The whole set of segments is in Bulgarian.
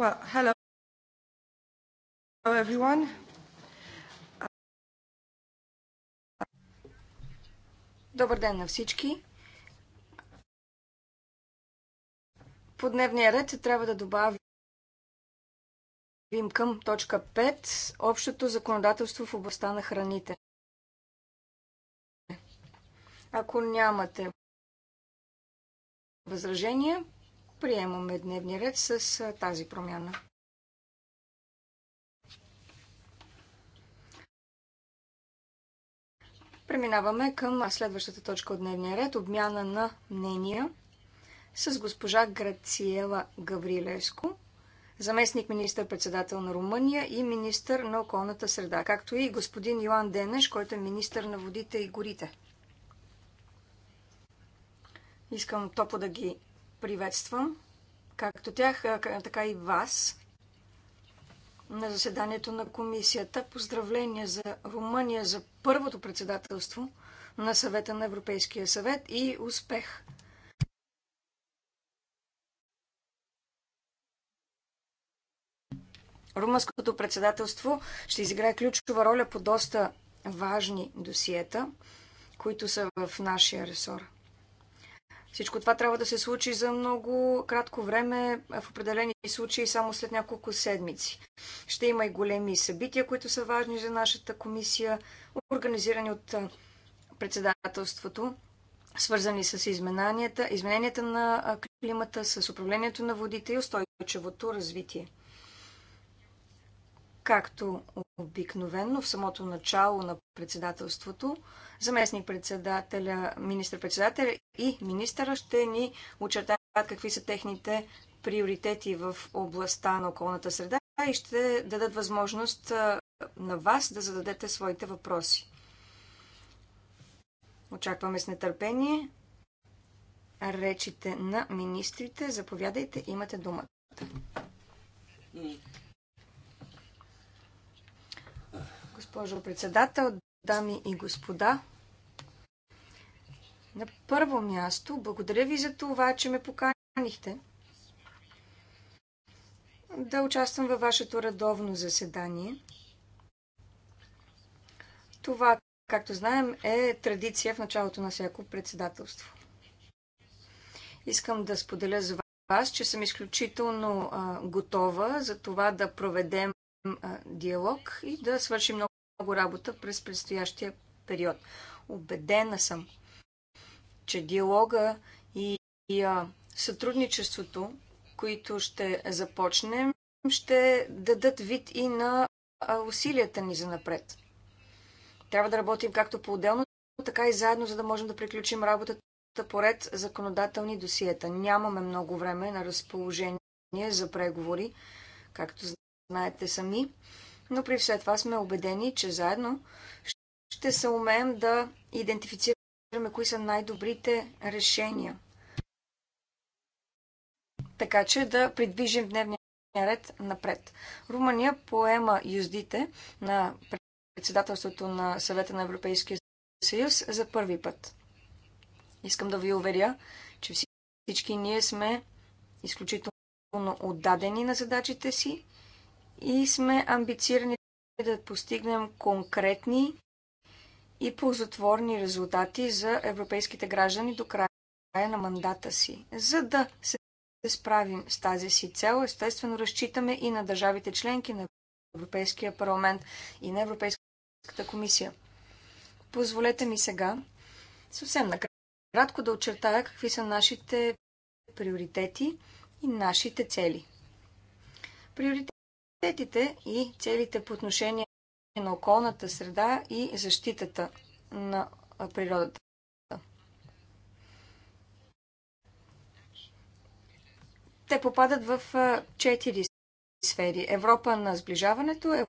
Well, hello. Hello, everyone. Добър ден на всички. По дневния ред трябва да добавим към точка 5 общото законодателство в областта на храните. Ако нямате възражения, приемаме дневния ред с тази промяна. Преминаваме към следващата точка от дневния ред обмяна на мнения с госпожа Грациела Гаврилеско, заместник министър-председател на Румъния и министър на околната среда, както и господин Йоан Денеш, който е министър на водите и горите. Искам топо да ги Приветствам както тях, така и вас на заседанието на комисията. Поздравления за Румъния за първото председателство на съвета на Европейския съвет и успех! Румънското председателство ще изиграе ключова роля по доста важни досиета, които са в нашия ресор. Всичко това трябва да се случи за много кратко време, в определени случаи само след няколко седмици. Ще има и големи събития, които са важни за нашата комисия, организирани от председателството, свързани с измененията, измененията на климата, с управлението на водите и устойчивото развитие. Както обикновенно в самото начало на председателството, заместник-председателя, министър-председателя и министъра ще ни очертаят какви са техните приоритети в областта на околната среда и ще дадат възможност на вас да зададете своите въпроси. Очакваме с нетърпение речите на министрите. Заповядайте, имате думата. госпожо председател, дами и господа. На първо място, благодаря ви за това, че ме поканихте да участвам във вашето редовно заседание. Това, както знаем, е традиция в началото на всяко председателство. Искам да споделя за вас, че съм изключително а, готова за това да проведем а, диалог и да свършим много много работа през предстоящия период. Обедена съм, че диалога и, и а, сътрудничеството, които ще започнем, ще дадат вид и на усилията ни за напред. Трябва да работим както по-отделно, така и заедно, за да можем да приключим работата поред законодателни досиета. Нямаме много време на разположение за преговори, както знаете сами но при все това сме убедени, че заедно ще се умеем да идентифицираме кои са най-добрите решения. Така че да придвижим дневния ред напред. Румъния поема юздите на председателството на съвета на Европейския съюз за първи път. Искам да ви уверя, че всички ние сме изключително отдадени на задачите си и сме амбицирани да постигнем конкретни и ползотворни резултати за европейските граждани до края на мандата си. За да се справим с тази си цел, естествено разчитаме и на държавите членки на Европейския парламент и на Европейската комисия. Позволете ми сега съвсем накратко да очертая какви са нашите приоритети и нашите цели. Приоритет приоритетите и целите по отношение на околната среда и защитата на природата. Те попадат в четири сфери. Европа на сближаването,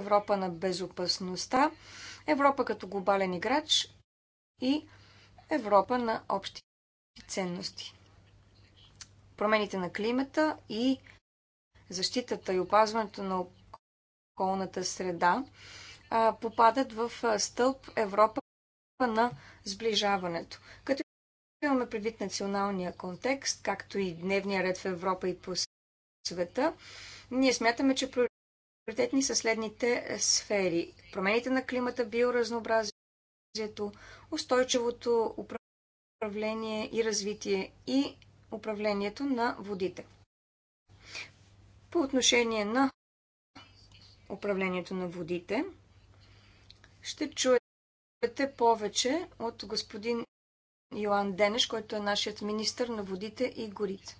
Европа на безопасността, Европа като глобален играч и Европа на общи ценности. Промените на климата и защитата и опазването на околната среда попадат в стълб Европа на сближаването. Като имаме предвид националния контекст, както и дневния ред в Европа и по света, ние смятаме, че приоритетни са следните сфери. Промените на климата, биоразнообразието, устойчивото управление и развитие и управлението на водите. По отношение на управлението на водите, ще чуете повече от господин Йоан Денеш, който е нашият министр на водите и горите.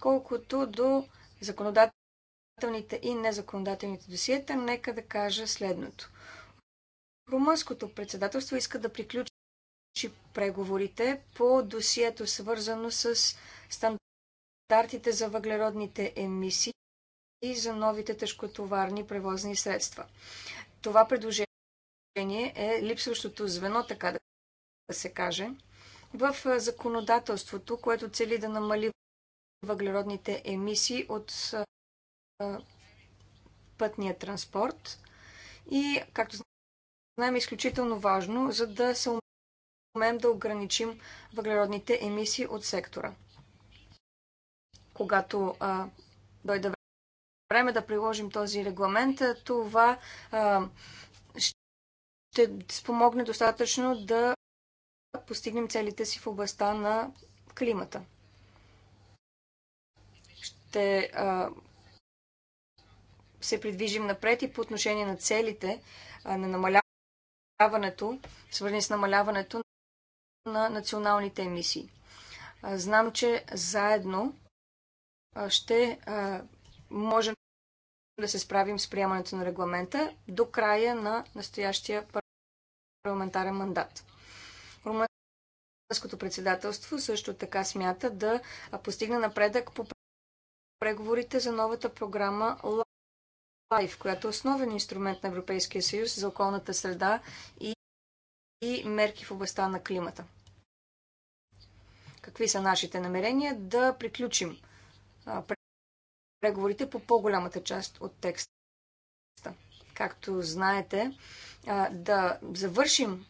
Колкото до законодателните и незаконодателните досиета, нека да кажа следното. Румънското председателство иска да приключи преговорите по досието, свързано с стандарт стандартите за въглеродните емисии и за новите тежкотоварни превозни средства. Това предложение е липсващото звено, така да се каже, в законодателството, което цели да намали въглеродните емисии от пътния транспорт. И, както знаем, е изключително важно, за да се умеем да ограничим въглеродните емисии от сектора когато а, дойде време да приложим този регламент, това а, ще спомогне достатъчно да постигнем целите си в областта на климата. Ще а, се придвижим напред и по отношение на целите а, на намаляването, свързани с намаляването на националните емисии. А, знам, че заедно ще можем да се справим с приемането на регламента до края на настоящия парламентарен мандат. Румънското председателство също така смята да постигне напредък по преговорите за новата програма LIFE, която е основен инструмент на Европейския съюз за околната среда и, и мерки в областта на климата. Какви са нашите намерения да приключим преговорите по по-голямата част от текста. Както знаете, да завършим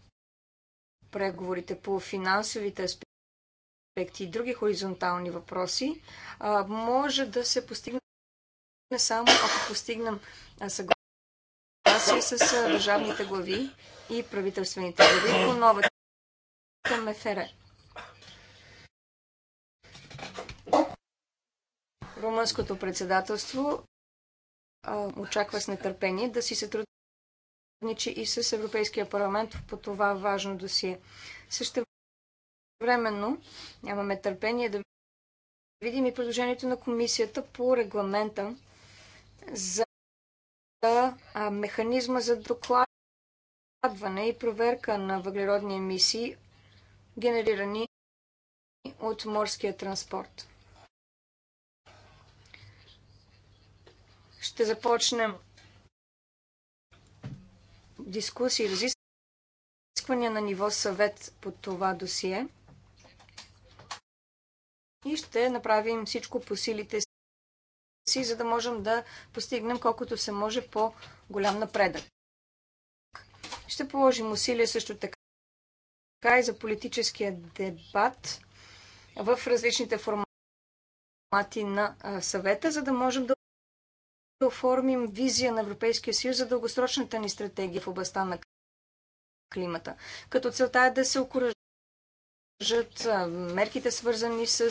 преговорите по финансовите аспекти и други хоризонтални въпроси, може да се постигне само ако постигнем съгласие с държавните глави и правителствените глави по новата МФР. Румънското председателство а, очаква с нетърпение да си сътрудничи и с Европейския парламент по това важно досие. Също временно нямаме търпение да видим и предложението на комисията по регламента за механизма за докладване и проверка на въглеродни емисии, генерирани от морския транспорт. Ще започнем дискусии и разисквания на ниво съвет по това досие. И ще направим всичко по силите си, за да можем да постигнем колкото се може по-голям напредък. Ще положим усилия също така и за политическия дебат в различните формати на съвета, за да можем да оформим визия на Европейския съюз за дългосрочната ни стратегия в областта на климата. Като целта е да се окоръжат мерките свързани с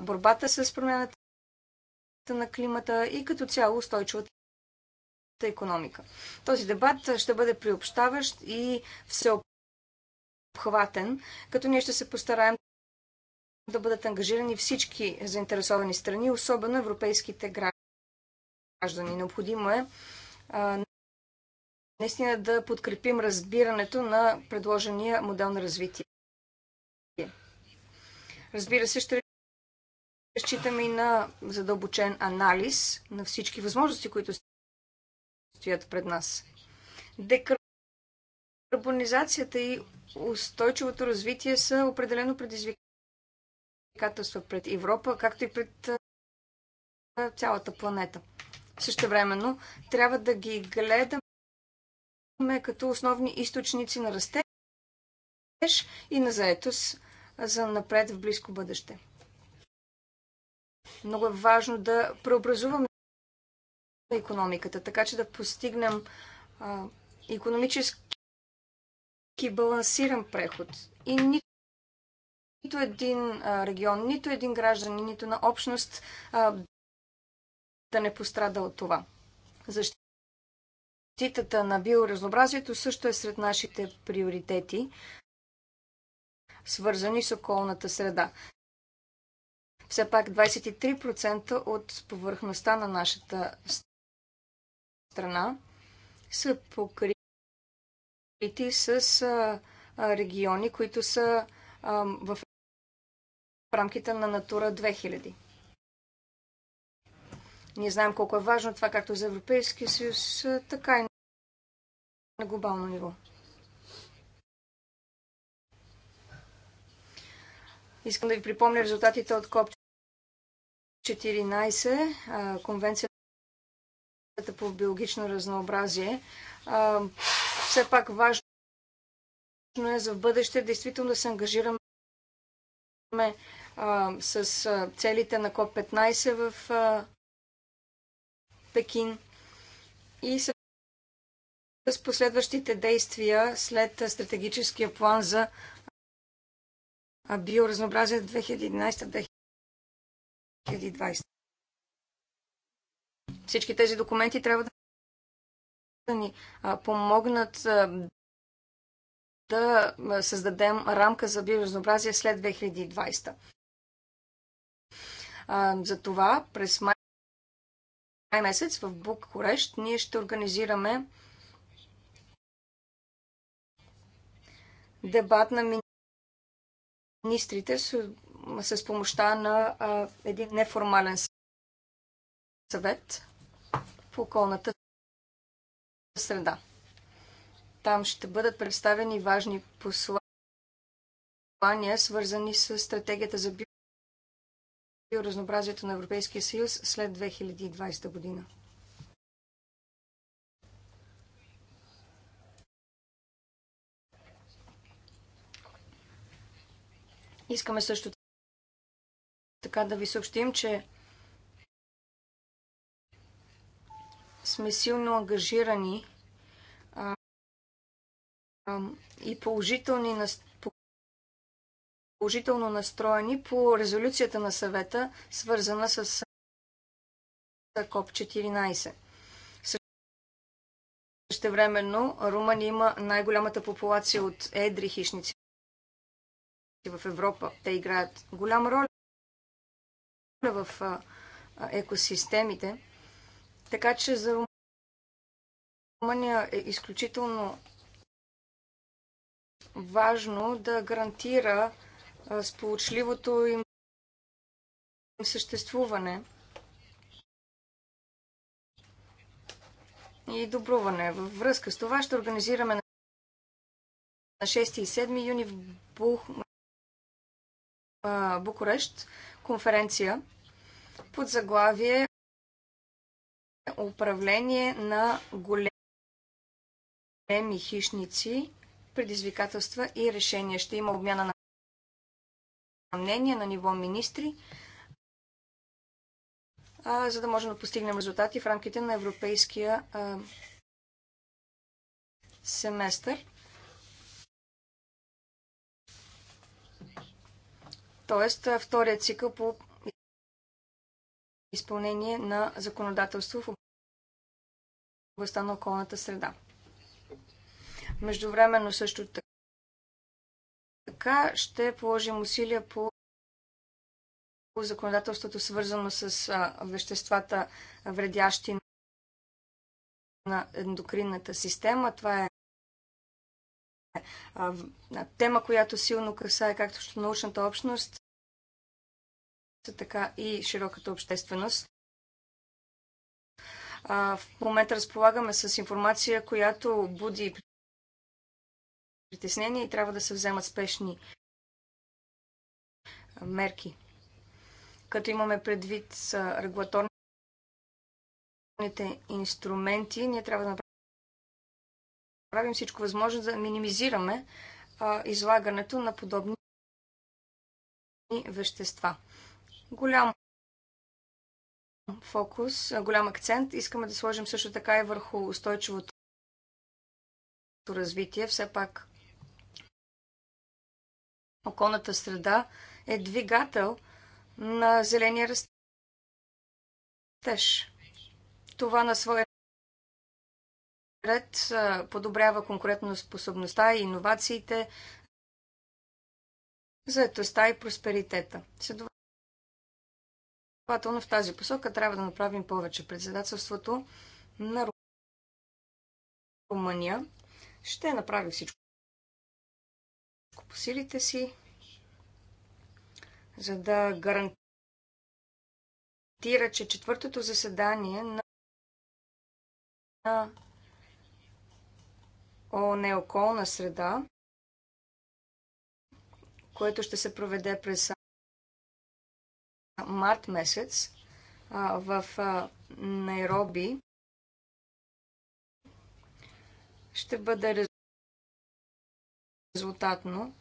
борбата с промяната на климата и като цяло устойчивата економика. Този дебат ще бъде приобщаващ и всеобхватен, като ние ще се постараем да бъдат ангажирани всички заинтересовани страни, особено европейските граждани граждани. Необходимо е наистина да подкрепим разбирането на предложения модел на развитие. Разбира се, ще разчитаме и на задълбочен анализ на всички възможности, които стоят пред нас. Декарбонизацията и устойчивото развитие са определено предизвикателства пред Европа, както и пред цялата планета. Също времено трябва да ги гледаме като основни източници на растеж и на заетост за напред в близко бъдеще. Много е важно да преобразуваме економиката, така че да постигнем а, економически балансиран преход. И нито нито един регион, нито един граждан, нито на общност да не пострада от това. Защитата на биоразнообразието също е сред нашите приоритети, свързани с околната среда. Все пак 23% от повърхността на нашата страна са покрити с региони, които са в рамките на Натура 2000. Ние знаем колко е важно това както за Европейския съюз, така и на глобално ниво. Искам да ви припомня резултатите от КОП 14, конвенцията по биологично разнообразие. Все пак важно е за бъдеще действително да се ангажираме с целите на КОП 15 в Пекин и с последващите действия след стратегическия план за биоразнообразие 2011-2020. Всички тези документи трябва да ни помогнат да създадем рамка за биоразнообразие след 2020. Затова през май май месец в Букурещ ние ще организираме дебат на министрите с, с помощта на а, един неформален съвет в околната среда. Там ще бъдат представени важни послания, свързани с стратегията за биоразнообразието на Европейския съюз след 2020 година. Искаме също така да ви съобщим, че сме силно ангажирани и положителни настроени положително настроени по резолюцията на съвета, свързана с КОП-14. Същевременно Румъния има най-голямата популация от едри хищници в Европа. Те играят голяма роля в екосистемите. Така че за Румъния е изключително важно да гарантира сполучливото им съществуване и добруване. Във връзка с това ще организираме на 6 и 7 юни в Бух... Букурещ конференция под заглавие Управление на големи хищници, предизвикателства и решения. Ще има обмяна на мнение на ниво министри, а, за да можем да постигнем резултати в рамките на европейския а, семестър. Тоест, втория цикъл по изпълнение на законодателство в областта на околната среда. Междувременно също така. Така ще положим усилия по законодателството, свързано с веществата, вредящи на ендокринната система. Това е тема, която силно касае както научната общност, така и широката общественост. В момента разполагаме с информация, която буди притеснения и трябва да се вземат спешни мерки. Като имаме предвид с регулаторните инструменти, ние трябва да направим всичко възможно да минимизираме излагането на подобни вещества. Голям фокус, голям акцент искаме да сложим също така и върху устойчивото развитие. Все пак околната среда е двигател на зеления растеж. Това на своя ред подобрява способността и иновациите, етостта и просперитета. Следователно в тази посока трябва да направим повече. Председателството на Румъния ще направи всичко по силите си, за да гарантира, че четвъртото заседание на о неоколна среда, което ще се проведе през март месец в Найроби, ще бъде резултатно.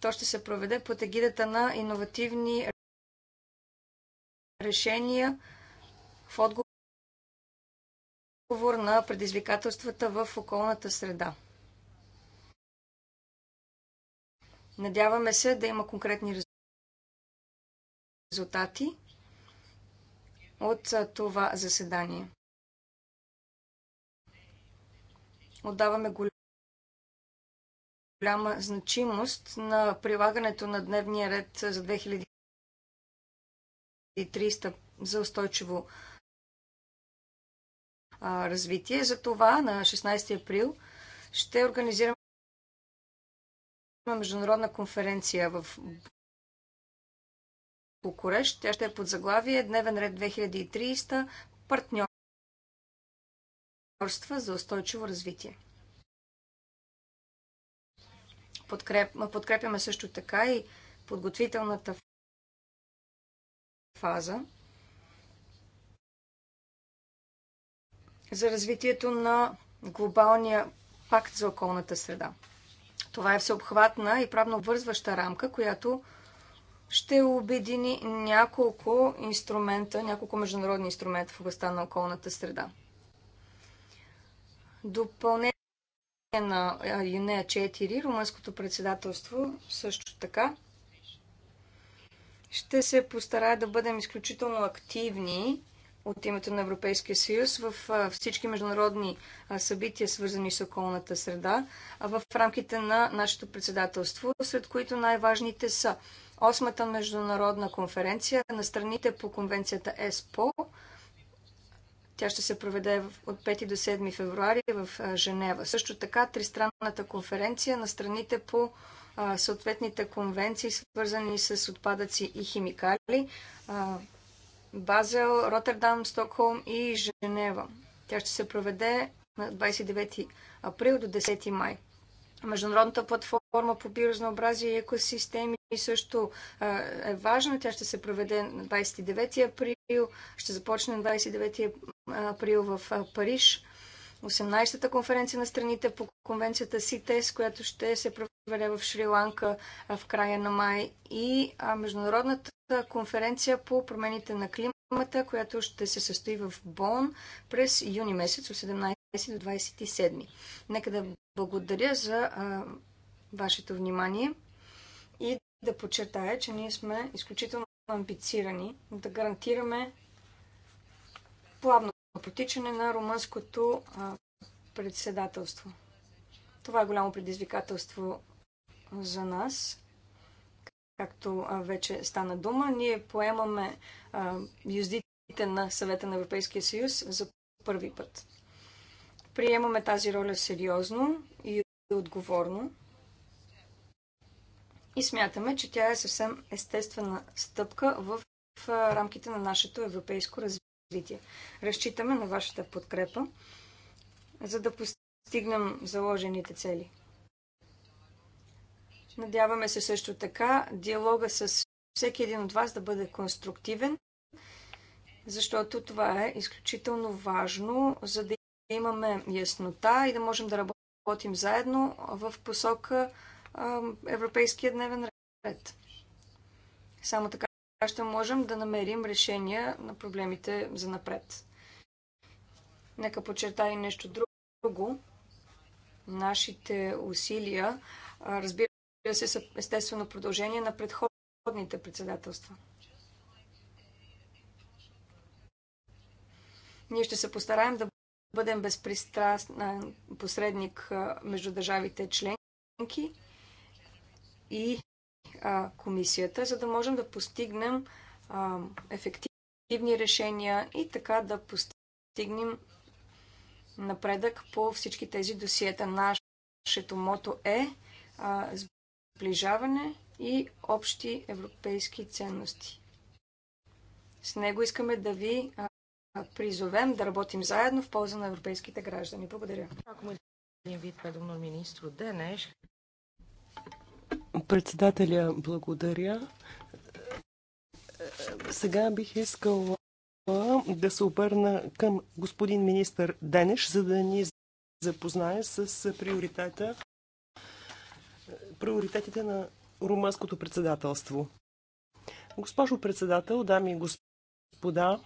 То ще се проведе под егидата на иновативни решения в отговор на предизвикателствата в околната среда. Надяваме се да има конкретни резултати от това заседание. Отдаваме голяма значимост на прилагането на дневния ред за 2300 за устойчиво развитие. За това на 16 април ще организираме международна конференция в Букурещ. Тя ще е под заглавие Дневен ред 2300 партньорства за устойчиво развитие. Подкреп, подкрепяме също така и подготвителната фаза за развитието на глобалния пакт за околната среда. Това е всеобхватна и правно вързваща рамка, която ще обедини няколко инструмента, няколко международни инструмента в областта на околната среда. Допълнение е на Юнея 4, румънското председателство също така. Ще се постарая да бъдем изключително активни от името на Европейския съюз в всички международни събития, свързани с околната среда, в рамките на нашето председателство, сред които най-важните са Осмата международна конференция на страните по конвенцията ЕСПО – тя ще се проведе от 5 до 7 февруари в Женева. Също така тристранната конференция на страните по съответните конвенции, свързани с отпадъци и химикали. Базел, Роттердам, Стокхолм и Женева. Тя ще се проведе на 29 април до 10 май. Международната платформа по биоразнообразие и екосистеми също е важна. Тя ще се проведе на 29 април, ще започне на 29 април в Париж. 18-та конференция на страните по конвенцията СИТЕС, която ще се проведе в Шри-Ланка в края на май и международната конференция по промените на климата, която ще се състои в Бон през юни месец, до 27. Нека да благодаря за а, вашето внимание и да подчертая, че ние сме изключително амбицирани да гарантираме плавно протичане на румънското а, председателство. Това е голямо предизвикателство за нас. Както а, вече стана дума, ние поемаме юздите на съвета на Европейския съюз за първи път. Приемаме тази роля сериозно и отговорно. И смятаме, че тя е съвсем естествена стъпка в рамките на нашето европейско развитие. Разчитаме на вашата подкрепа, за да постигнем заложените цели. Надяваме се също така диалога с всеки един от вас да бъде конструктивен, защото това е изключително важно, за да да имаме яснота и да можем да работим заедно в посока европейския дневен ред. Само така ще можем да намерим решения на проблемите за напред. Нека подчертая нещо друго. Нашите усилия, разбира се, са естествено продължение на предходните председателства. Ние ще се постараем да бъдем безпристрастен посредник между държавите членки и комисията, за да можем да постигнем ефективни решения и така да постигнем напредък по всички тези досиета. Нашето мото е сближаване и общи европейски ценности. С него искаме да ви призовем да работим заедно в полза на европейските граждани. Благодаря. Ако Денеш. Е Председателя, благодаря. Сега бих искала да се обърна към господин министър Денеш, за да ни запознае с приоритета, приоритетите на румънското председателство. Госпожо председател, дами и господа,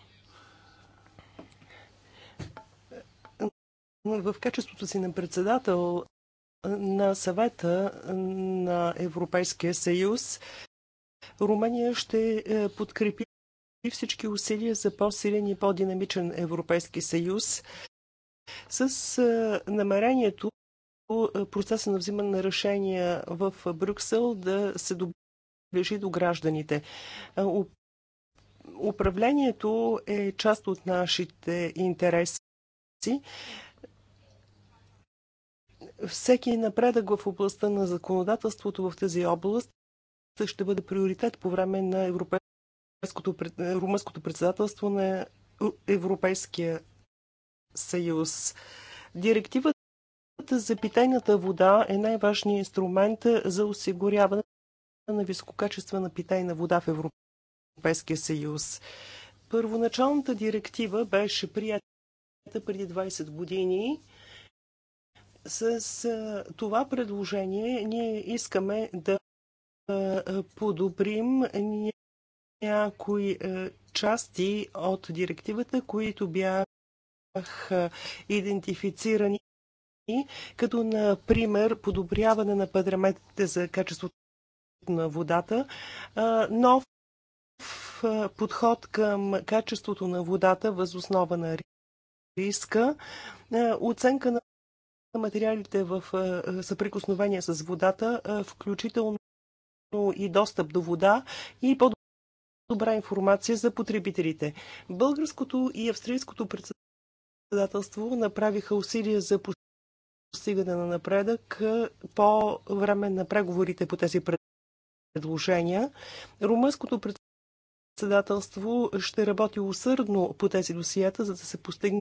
В качеството си на председател на съвета на Европейския съюз, Румъния ще е, подкрепи всички усилия за по-силен и по-динамичен Европейски съюз с е, намерението е, процеса на взимане на решения в Брюксел да се доближи до гражданите. Управлението е част от нашите интереси. Всеки напредък в областта на законодателството в тази област ще бъде приоритет по време на европейското, румънското председателство на Европейския съюз. Директивата за питейната вода е най-важният инструмент за осигуряване на висококачествена питейна вода в Европейския съюз. Първоначалната директива беше прията преди 20 години с това предложение ние искаме да подобрим някои части от директивата, които бяха идентифицирани като например подобряване на параметрите за качеството на водата, нов подход към качеството на водата въз основа на риска, оценка на материалите в съприкосновение с водата, включително и достъп до вода и по добра информация за потребителите. Българското и австрийското председателство направиха усилия за постигане на напредък по време на преговорите по тези предложения. Румънското председателство ще работи усърдно по тези досията, за да се постигне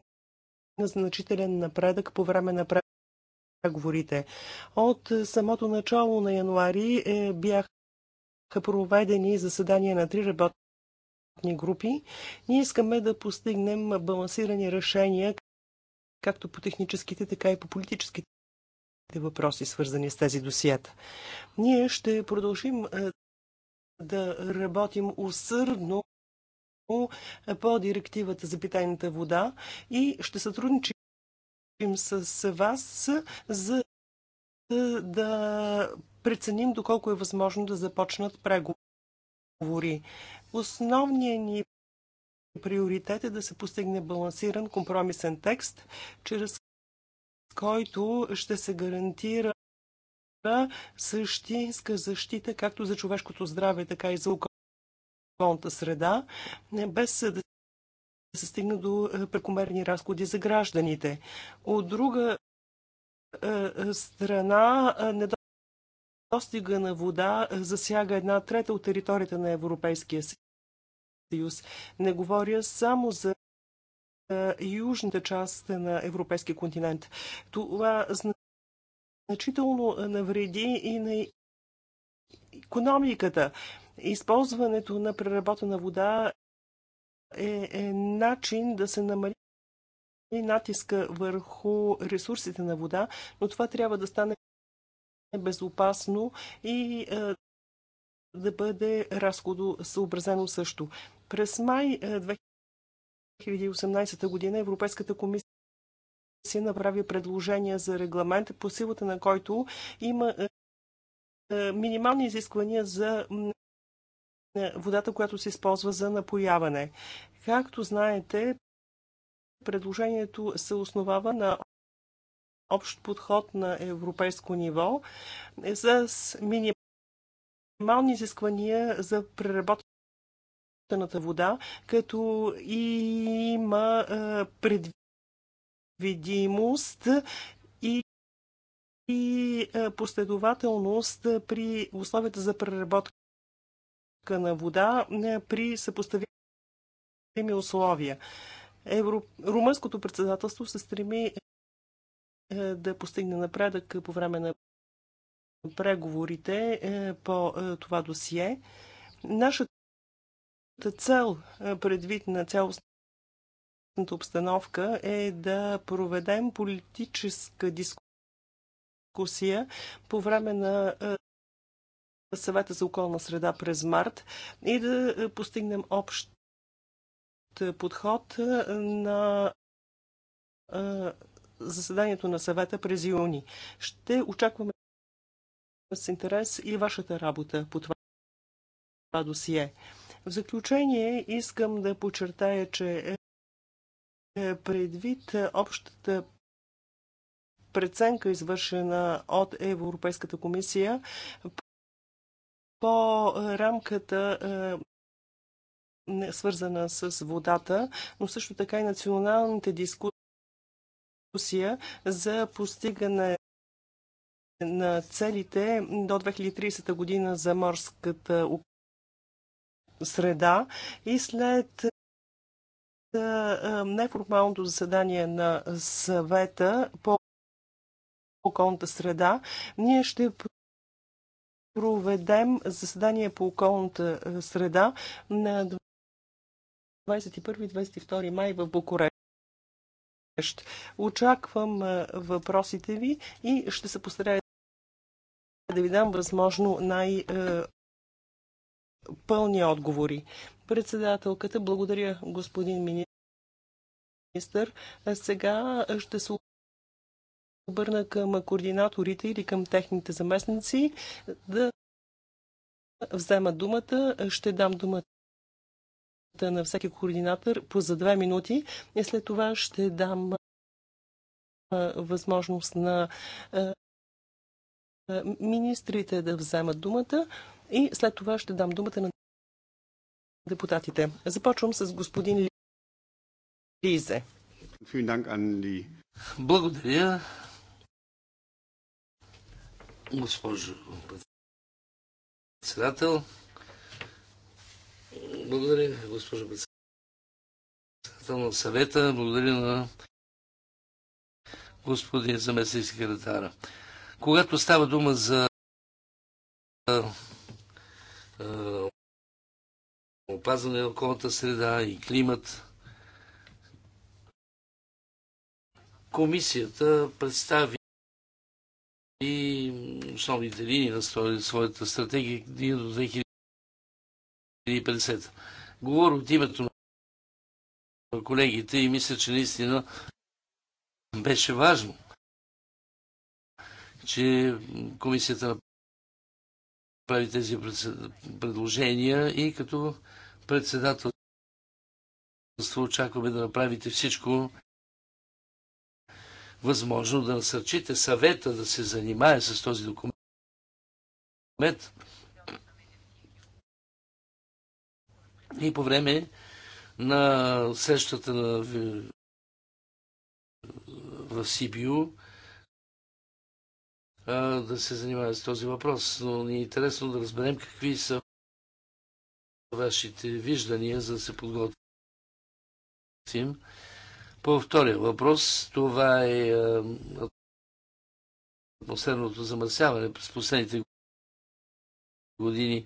на значителен напредък по време на преговорите преговорите. От самото начало на януари е, бяха проведени заседания на три работни групи. Ние искаме да постигнем балансирани решения, както по техническите, така и по политическите въпроси, свързани с тези досията. Ние ще продължим е, да работим усърдно е, по директивата за питайната вода и ще сътрудничим говорим с вас, за е, да преценим доколко е възможно да започнат преговори. Основният ни приоритет е да се постигне балансиран компромисен текст, чрез който ще се гарантира същинска защита както за човешкото здраве, така и за околната среда, без да се стигне до е, прекомерни разходи за гражданите. От друга е, е, страна, недостига на вода засяга една трета от територията на Европейския съюз. Не говоря само за южната част на Европейския континент. Това значително навреди и на економиката. Използването на преработена вода е, е начин да се намали натиска върху ресурсите на вода, но това трябва да стане безопасно и е, да бъде разходосъобразено също. През май 2018 е, година Европейската комисия си направи предложение за регламент, по силата на който има е, е, минимални изисквания за е, водата, която се използва за напояване. Както знаете, предложението се основава на общ подход на европейско ниво е, с минимални изисквания за преработената вода, като има е, предвидимост и и последователност при условията за преработка на вода е, при съпоставими условия. Евро... Румънското председателство се стреми е, е, да постигне напредък по време на преговорите по това досие. Нашата цел, предвид на цялостната обстановка, е да проведем политическа дискусия по време на съвета за околна среда през март и да е, постигнем общ е, подход е, на заседанието на съвета през юни. Ще очакваме с интерес и вашата работа по това досие. В заключение искам да подчертая, че предвид общата преценка, извършена от Европейската комисия по рамката свързана с водата, но също така и националните дискусия за постигане на целите до 2030 година за морската среда и след неформалното заседание на съвета по околната среда, ние ще проведем заседание по околната е, среда на 21-22 май в Букурещ. Очаквам е, въпросите ви и ще се постарая да ви дам възможно най- е, пълни отговори. Председателката, благодаря господин министр. Сега ще се обърна към координаторите или към техните заместници да взема думата. Ще дам думата на всеки координатор по за две минути и след това ще дам възможност на министрите да вземат думата и след това ще дам думата на депутатите. Започвам с господин Лизе. Благодаря Госпожо председател, благодаря, госпожо председател на съвета, благодаря на господин заместник секретара. Когато става дума за опазване на околната среда и климат. Комисията представи и основните линии на своята стратегия до 2050. Говоря от името на колегите и мисля, че наистина беше важно, че комисията прави тези предложения и като председател очакваме да направите всичко възможно да насърчите съвета да се занимае с този документ. И по време на срещата на... в Сибио да се занимава с този въпрос. Но ни е интересно да разберем какви са вашите виждания, за да се подготвим по втория въпрос, това е, е атмосферното замърсяване. През последните години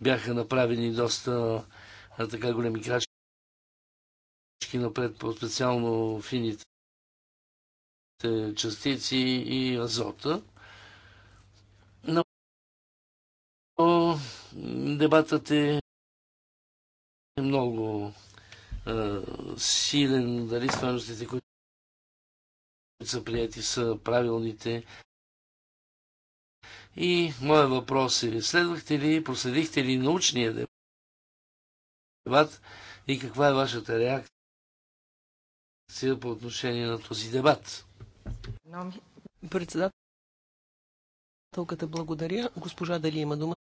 бяха направени доста а, е, така големи крачки напред, по-специално фините частици и азота. Но дебатът е, е много е, силен, дали стойностите, които са прияти, са правилните. И моят въпрос е, следвахте ли, проследихте ли научния дебат и каква е вашата реакция по отношение на този дебат? Председателката благодаря. Госпожа Дали има думата.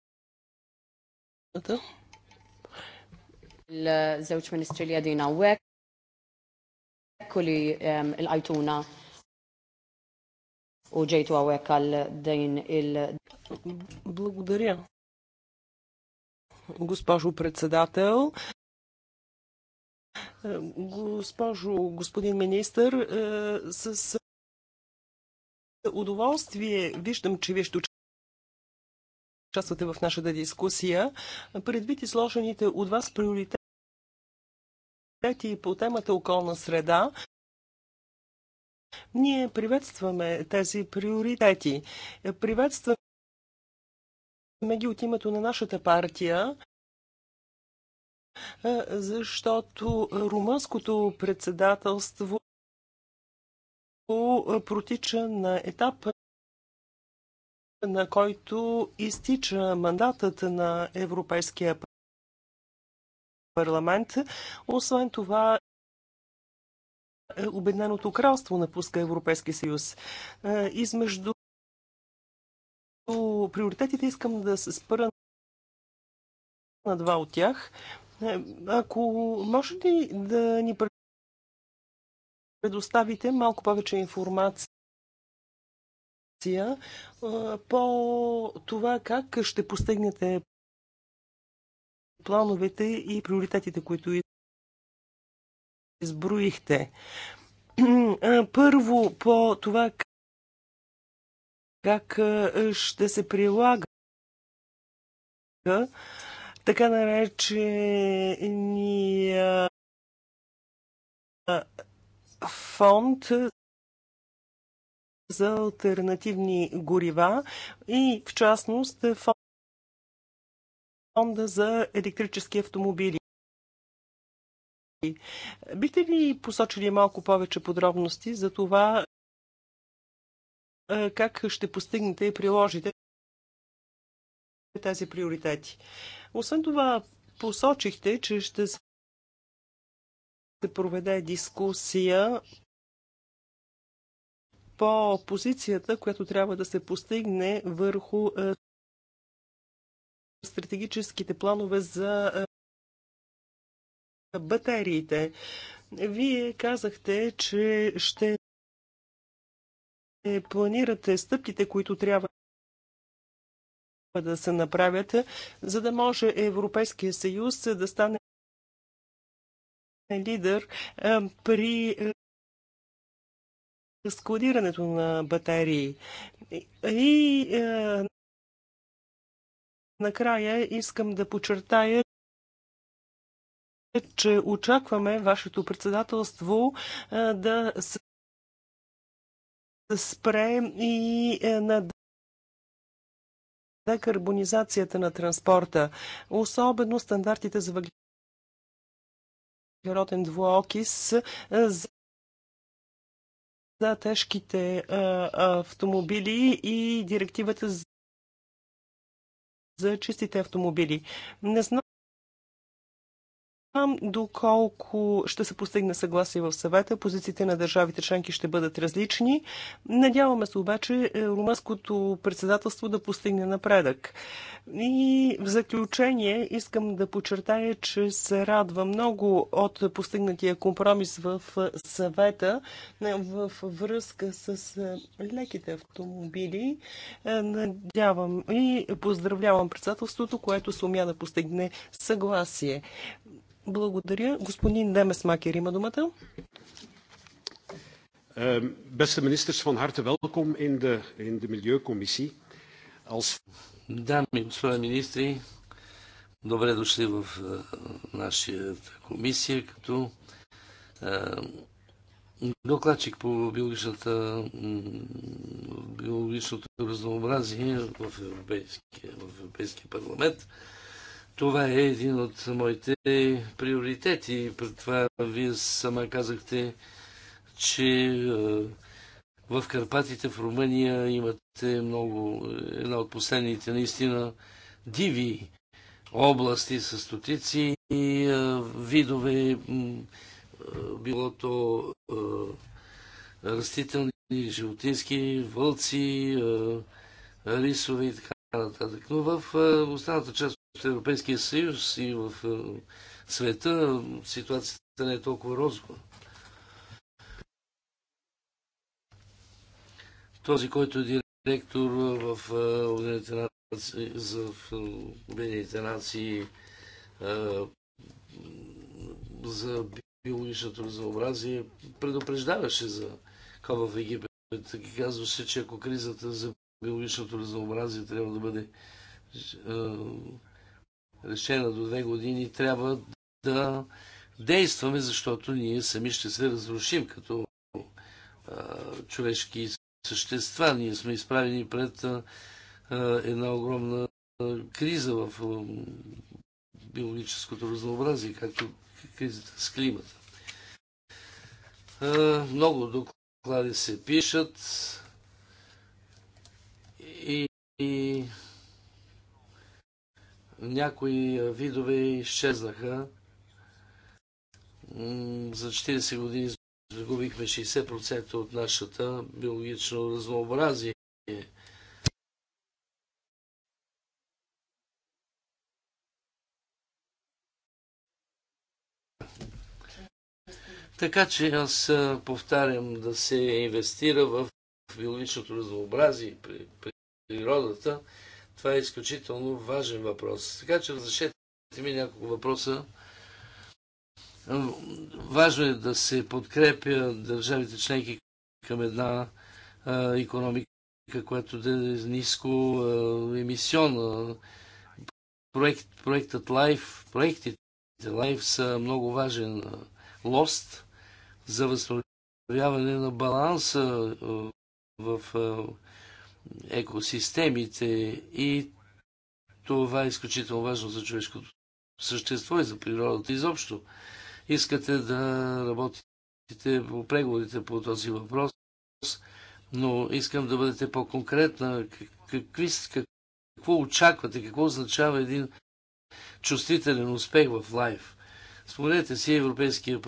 Il-żewġ ministri li għadina għawek u li l-għajtuna u ġejtu għal il- Благодаря. Госпожо председател, е, госпожо, господин министр, е, с удоволствие виждам, че вие ще участвате в нашата дискусия. Предвид изложените от вас приоритет, и по темата околна среда. Ние приветстваме тези приоритети. Приветстваме ги от името на нашата партия, е, защото румънското председателство протича на етап, на който изтича мандатът на Европейския парламент. Освен това, е, Обединеното кралство напуска Европейски съюз. Е, измежду приоритетите искам да се спра на два от тях. Е, ако може ли да ни предоставите малко повече информация по това как ще постигнете плановете и приоритетите, които изброихте. Първо по това как ще се прилага така наречения фонд за альтернативни горива и в частност фонд фонда за електрически автомобили. Бихте ли посочили малко повече подробности за това е, как ще постигнете и приложите тези приоритети? Освен това, посочихте, че ще се проведе дискусия по позицията, която трябва да се постигне върху е, стратегическите планове за е, батериите. Вие казахте, че ще планирате стъпките, които трябва да се направят, за да може Европейския съюз да стане лидер е, при е, складирането на батерии. И Накрая искам да подчертая, че очакваме вашето председателство да спре и е, на декарбонизацията на транспорта, особено стандартите за въглероден двуокис е, за за тежките е, автомобили и директивата за за чистите автомобили. Не знам там доколко ще се постигне съгласие в съвета. Позициите на държавите членки ще бъдат различни. Надяваме се обаче е, румънското председателство да постигне напредък. И в заключение искам да подчертая, че се радва много от постигнатия компромис в е, съвета е, в връзка с леките автомобили. Надявам и поздравлявам председателството, което сумя да постигне съгласие. Благодаря. Господин Демес Макер има думата. Beste ministers, van harte welkom in de, in de Milieucommissie. Als... Дами и господа министри, добре дошли в е, нашата комисия, като е, докладчик по биологичната, биологичното разнообразие в Европейския, в Европейския парламент. Това е един от моите приоритети. При това вие сама казахте, че е, в Карпатите, в Румъния имате много, е, една от последните наистина диви области с стотици и е, видове, било то растителни, животински, вълци, рисове и така нататък. Но в останалата част в Европейския съюз и в е, света ситуацията не е толкова розова. Този, който е директор в е, Обединените нации е, за биологичното разнообразие предупреждаваше за коба в Египет. Казваше, че ако кризата за биологичното разнообразие трябва да бъде решена до две години, трябва да действаме, защото ние сами ще се разрушим като а, човешки същества. Ние сме изправени пред а, една огромна криза в а, биологическото разнообразие, както кризата с климата. Много доклади се пишат и, и някои е, видове изчезнаха. За 40 години загубихме 60% от нашата биологично разнообразие. Така че аз е, повтарям да се инвестира в биологичното разнообразие при природата това е изключително важен въпрос. Така че разрешете ми няколко въпроса. Важно е да се подкрепя държавите членки към една а, економика, която да е ниско а, емисионна. Проект, проектът Life, проектите Life са много важен лост за възстановяване на баланса в екосистемите и това е изключително важно за човешкото същество и за природата изобщо. Искате да работите по преговорите по този въпрос, но искам да бъдете по-конкретна. Какви, какво очаквате, какво означава един чувствителен успех в лайф? Спомнете си, Европейския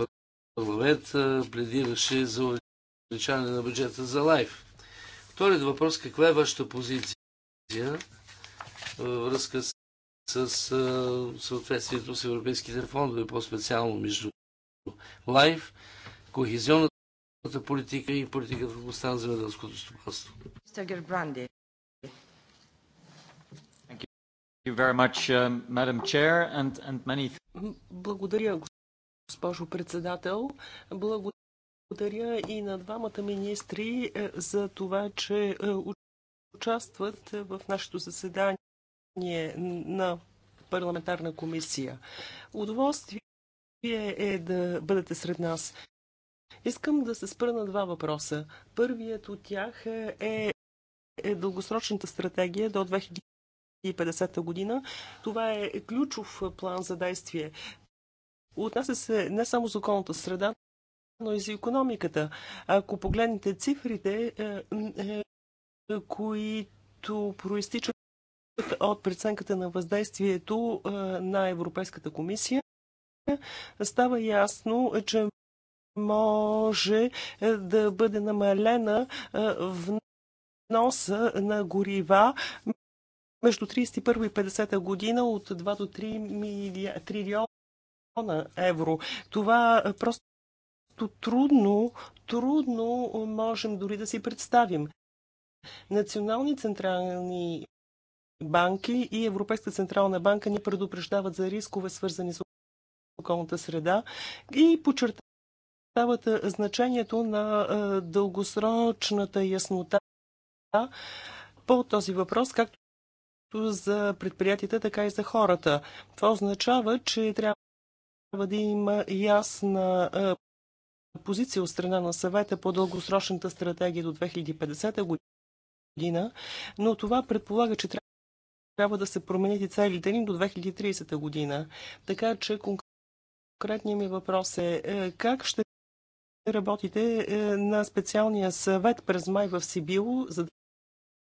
парламент пледираше за увеличаване на бюджета за лайф. Вторият въпрос, каква е вашата позиция е, във връзка с, с, с е, съответствието с европейските фондове, по-специално между Лайф, кохезионната политика и политика в областта на земеделското стопанство. Uh, Благодаря, госпожо председател. Благодаря благодаря и на двамата министри е, за това, че е, участват в нашето заседание на парламентарна комисия. Удоволствие е да бъдете сред нас. Искам да се спра на два въпроса. Първият от тях е, е дългосрочната стратегия до 2050 година. Това е ключов план за действие. Отнася се не само за околната среда, но и за економиката. Ако погледнете цифрите, е, е, е, които проистичат от преценката на въздействието на Европейската комисия, става ясно, че може да бъде намалена вноса на горива между 31 и 50 година от 2 до 3 трилиона евро. Това просто нещо трудно, трудно можем дори да си представим. Национални централни банки и Европейска централна банка ни предупреждават за рискове, свързани с околната среда и подчертават значението на дългосрочната яснота по този въпрос, както за предприятията, така и за хората. Това означава, че трябва да има ясна позиция от страна на съвета по дългосрочната стратегия до 2050 година, но това предполага, че трябва трябва да се променят и целите ни до 2030 година. Така че конкретният ми въпрос е, е как ще работите е, на специалния съвет през май в Сибил, за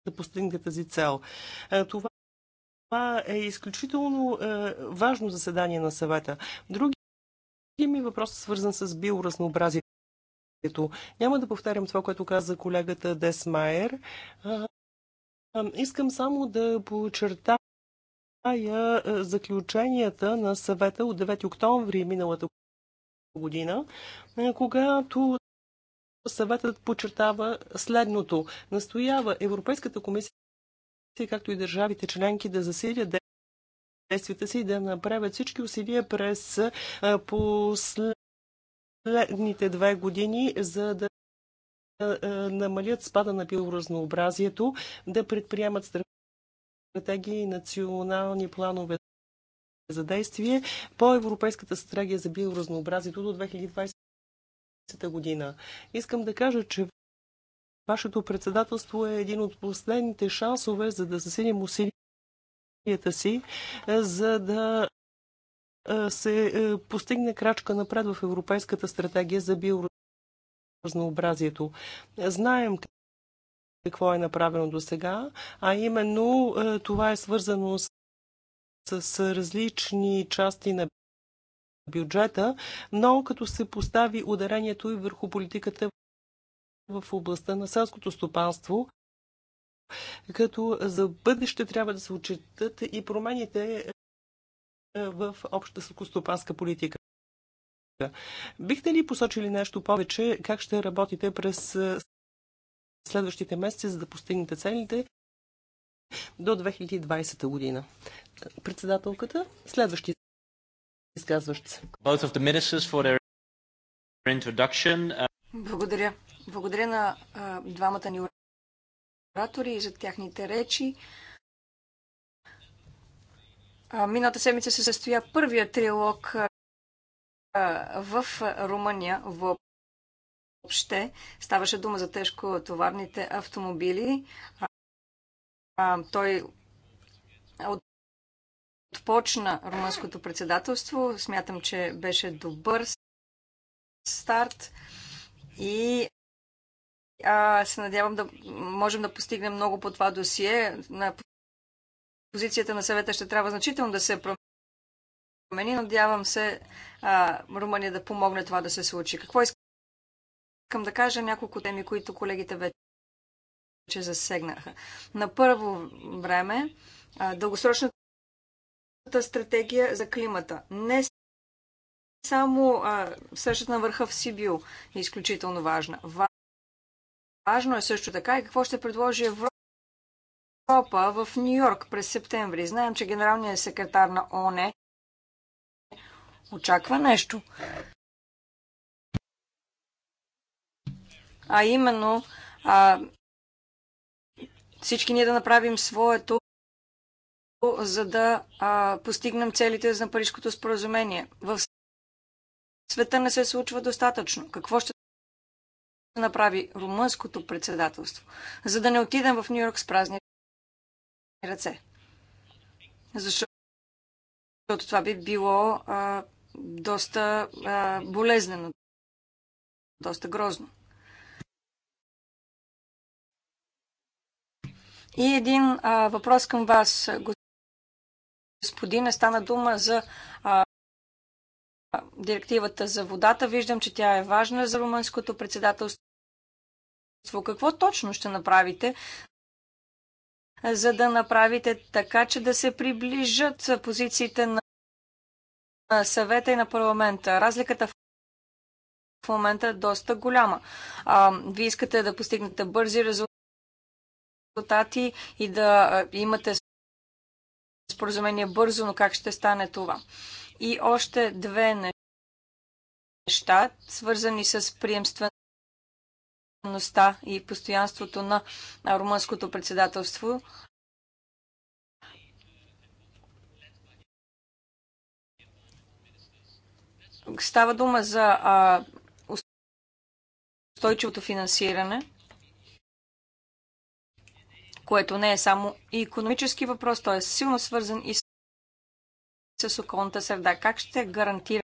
да постигнете тази цел. Е, това е изключително важно заседание на съвета. Други има ми въпрос свързан с биоразнообразието. Няма да повтарям това, което каза колегата Десмайер. Искам само да подчертая заключенията на съвета от 9 октомври миналата година, когато съветът подчертава следното. Настоява Европейската комисия, както и държавите членки да засилят действията си да направят всички усилия през последните две години, за да намалят спада на биоразнообразието, да предприемат стратегии и национални планове за действие по Европейската стратегия за биоразнообразието до 2020 година. Искам да кажа, че вашето председателство е един от последните шансове, за да засилим усилия енергията си, е, за да е, се е, постигне крачка напред в Европейската стратегия за биоразнообразието. Знаем какво е направено до сега, а именно това е свързано с, с различни части на бюджета, но като се постави ударението и върху политиката в областта на селското стопанство, като за бъдеще трябва да се отчитат и промените в общата сълкостопанска политика. Бихте ли посочили нещо повече, как ще работите през следващите месеци, за да постигнете целите до 2020 година? Председателката, следващите изказващ се. Uh, Благодаря. Благодаря на двамата ни оратори и за тяхните речи. Миналата седмица се състоя първия трилог в Румъния въобще. Ставаше дума за тежко товарните автомобили. Той отпочна румънското председателство. Смятам, че беше добър старт и а, се надявам да можем да постигнем много по това досие. На позицията на съвета ще трябва значително да се промени. Надявам се а, Румъния да помогне това да се случи. Какво искам да кажа? Няколко теми, които колегите вече засегнаха. На първо време а, дългосрочната стратегия за климата. Не само а, срещата на върха в Сибио е изключително важна Важно е също така и какво ще предложи Европа в Нью Йорк през септември. Знаем, че генералният секретар на ОНЕ очаква нещо. А именно а, всички ние да направим своето, за да а, постигнем целите на Парижското споразумение. В света не се случва достатъчно. Какво ще направи румънското председателство, за да не отидем в Нью-Йорк с празни ръце. Защото това би било а, доста а, болезнено, доста грозно. И един а, въпрос към вас, господин. Стана дума за а, директивата за водата. Виждам, че тя е важна за румънското председателство. Какво точно ще направите, за да направите така, че да се приближат позициите на съвета и на парламента? Разликата в момента е доста голяма. вие искате да постигнете бързи резултати и да имате споразумение бързо, но как ще стане това? и още две неща, свързани с приемствеността и постоянството на румънското председателство. Става дума за а, устойчивото финансиране, което не е само и економически въпрос, той е силно свързан и с с околната среда? Как ще гарантираме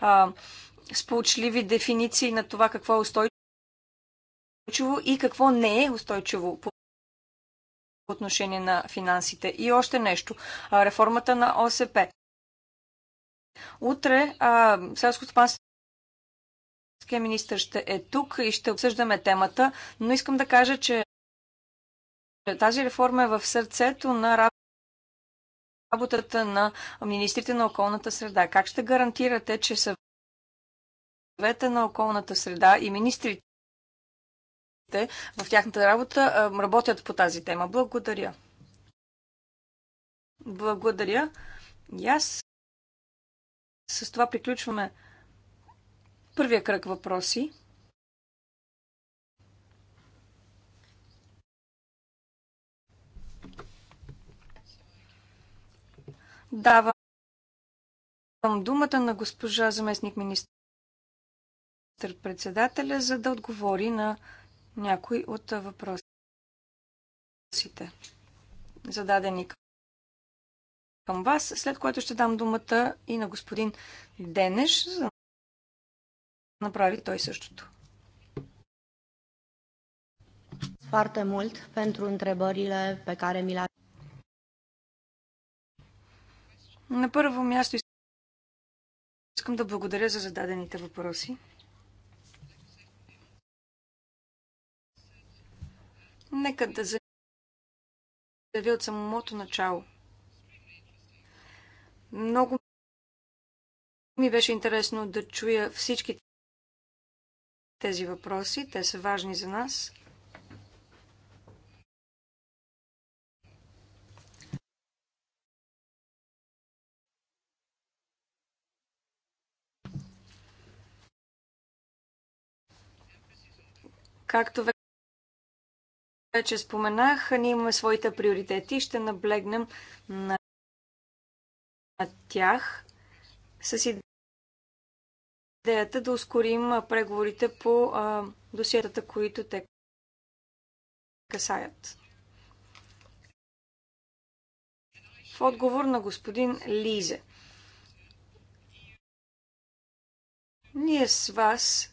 а, сполучливи дефиниции на това какво е устойчиво и какво не е устойчиво по отношение на финансите? И още нещо. А, реформата на ОСП. Утре селското панство министър министр ще е тук и ще обсъждаме темата, но искам да кажа, че тази реформа е в сърцето на работа работата на министрите на околната среда? Как ще гарантирате, че съвета на околната среда и министрите в тяхната работа работят по тази тема? Благодаря. Благодаря. И аз с това приключваме първия кръг въпроси. Давам думата на госпожа заместник министър председателя, за да отговори на някой от въпросите, зададени към вас, след което ще дам думата и на господин Денеш, за да направи той същото. Foarte mult pentru întrebările pe care mi le на първо място искам да благодаря за зададените въпроси. Нека да заявя от самото начало. Много ми беше интересно да чуя всички тези въпроси. Те са важни за нас – Както вече споменах, ние имаме своите приоритети и ще наблегнем на тях с идеята да ускорим преговорите по досиетата, които те касаят. В отговор на господин Лизе. Ние с вас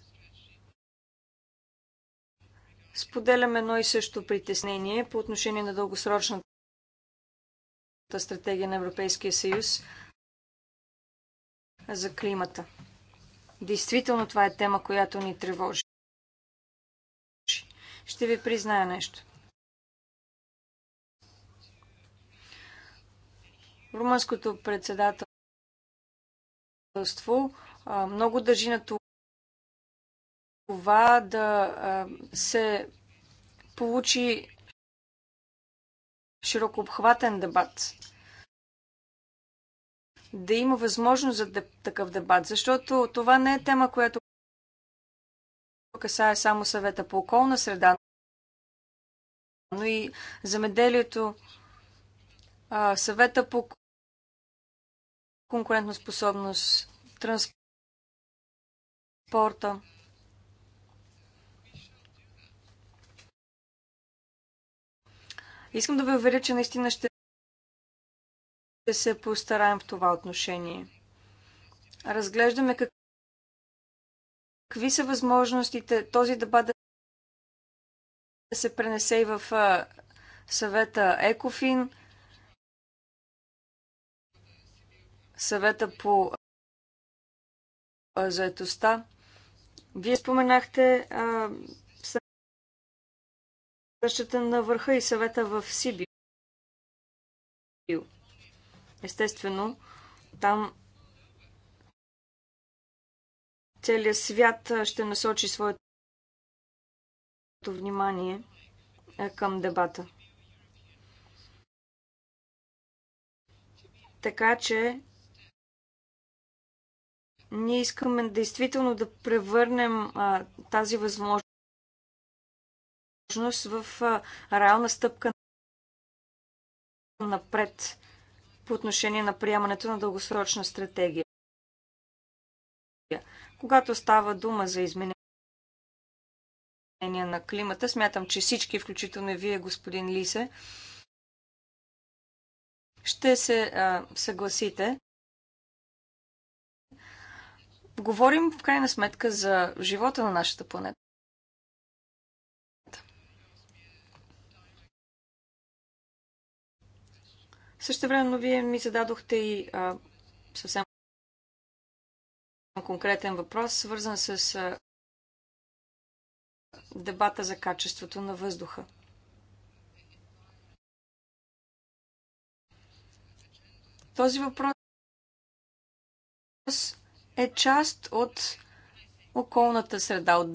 Споделям едно и също притеснение по отношение на дългосрочната стратегия на Европейския съюз за климата. Действително това е тема, която ни тревожи. Ще ви призная нещо. Румънското председателство много държи на това, това да се получи широкообхватен дебат. Да има възможност за такъв дебат, защото това не е тема, която касае само съвета по околна среда, но и замеделието, съвета по конкурентоспособност, транспорта. Искам да ви уверя, че наистина ще се постараем в това отношение. Разглеждаме как... какви са възможностите този дебат да се пренесе и в съвета ЕКОФИН, съвета по заетостта. Вие споменахте срещата на върха и съвета в Сибио. Естествено, там целият свят ще насочи своето внимание към дебата. Така че ние искаме действително да превърнем а, тази възможност всъщност в реална стъпка напред по отношение на приемането на дългосрочна стратегия. Когато става дума за изменение на климата, смятам, че всички, включително и вие, господин Лисе, ще се а, съгласите. Говорим в крайна сметка за живота на нашата планета. Също време вие ми зададохте и а, съвсем конкретен въпрос, свързан с а, дебата за качеството на въздуха. Този въпрос е част от околната среда, от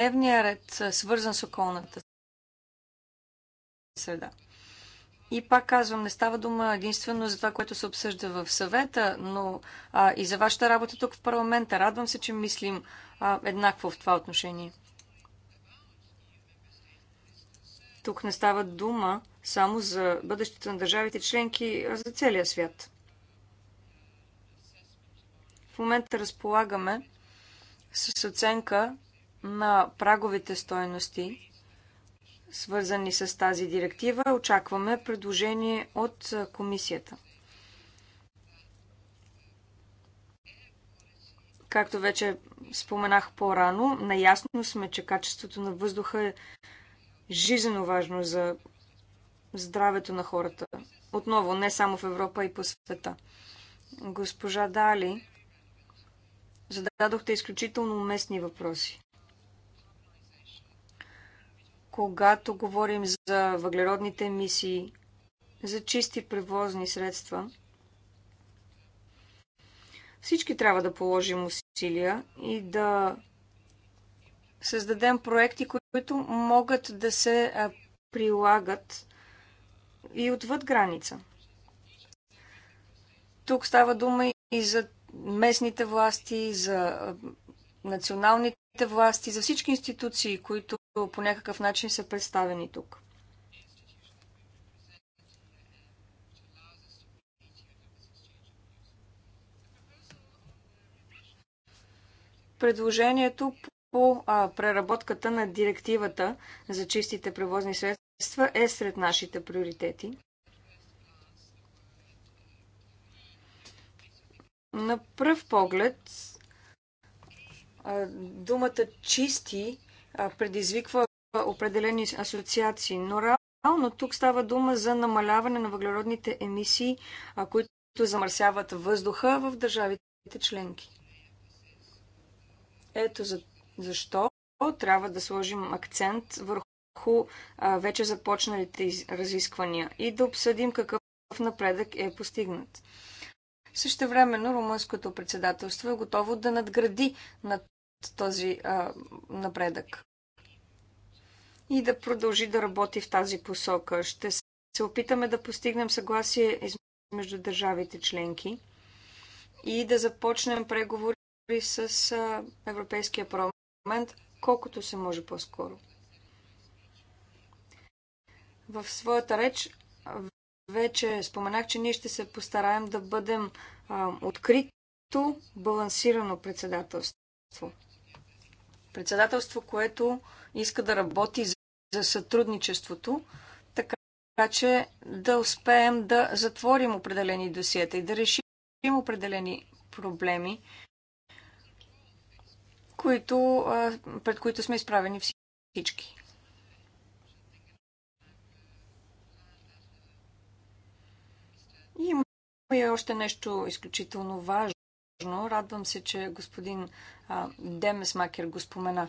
дневния ред, свързан с околната среда. И пак казвам, не става дума единствено за това, което се обсъжда в съвета, но а, и за вашата работа тук в парламента. Радвам се, че мислим а, еднакво в това отношение. Тук не става дума само за бъдещето на държавите членки, а за целия свят. В момента разполагаме с оценка на праговите стоености, свързани с тази директива. Очакваме предложение от комисията. Както вече споменах по-рано, наясно сме, че качеството на въздуха е жизненно важно за здравето на хората. Отново, не само в Европа и по света. Госпожа Дали, зададохте изключително уместни въпроси когато говорим за въглеродните емисии, за чисти превозни средства, всички трябва да положим усилия и да създадем проекти, които могат да се прилагат и отвъд граница. Тук става дума и за местните власти, за националните местните власти, за всички институции, които по някакъв начин са представени тук. Предложението по а, преработката на директивата за чистите превозни средства е сред нашите приоритети. На пръв поглед думата чисти предизвиква определени асоциации, но реално тук става дума за намаляване на въглеродните емисии, които замърсяват въздуха в държавите членки. Ето за, защо трябва да сложим акцент върху а, вече започналите разисквания и да обсъдим какъв напредък е постигнат. Също времено румънското председателство е готово да надгради на този а, напредък и да продължи да работи в тази посока. Ще се опитаме да постигнем съгласие между държавите членки и да започнем преговори с а, Европейския парламент колкото се може по-скоро. В своята реч вече споменах, че ние ще се постараем да бъдем а, открито, балансирано председателство. Председателство, което иска да работи за сътрудничеството, така че да успеем да затворим определени досиета и да решим определени проблеми, които, пред които сме изправени всички. И има и още нещо изключително важно важно. Радвам се, че господин Демесмакер го спомена.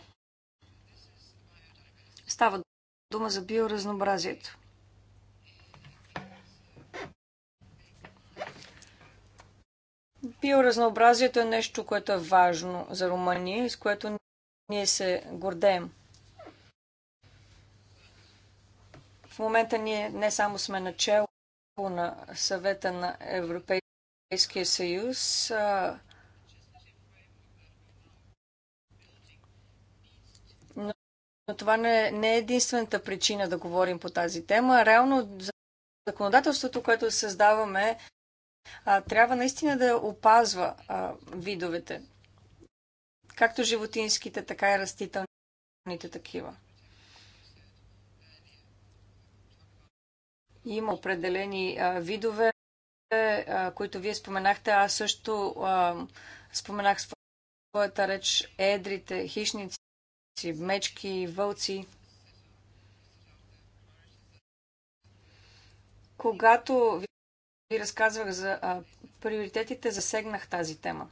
Става дума за биоразнообразието. Биоразнообразието е нещо, което е важно за Румъния и с което ние се гордеем. В момента ние не само сме начало на съвета на Европейския Европейския съюз но това не, не е единствената причина да говорим по тази тема. Реално законодателството, което създаваме, трябва наистина да опазва видовете. Както животинските, така и растителните такива. Има определени видове, е, които вие споменахте, аз също а, споменах своята реч едрите, хищници, мечки, вълци. Когато ви разказвах за а, приоритетите, засегнах тази тема.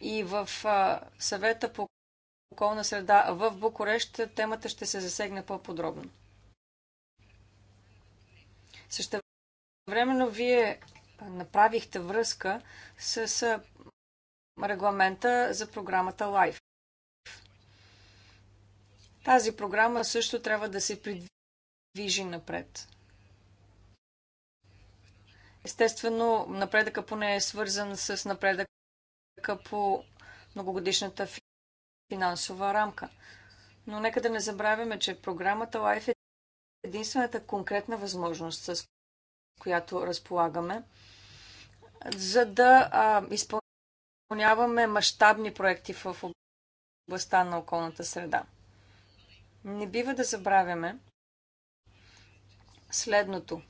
И в а, съвета по околна среда в Букурещ темата ще се засегне по-подробно. Също Временно вие направихте връзка с регламента за програмата LIFE. Тази програма също трябва да се придвижи напред. Естествено, напредъка поне е свързан с напредъка по многогодишната финансова рамка. Но нека да не забравяме, че програмата LIFE е единствената конкретна възможност, с която разполагаме, за да а, изпълняваме мащабни проекти в областта на околната среда. Не бива да забравяме следното.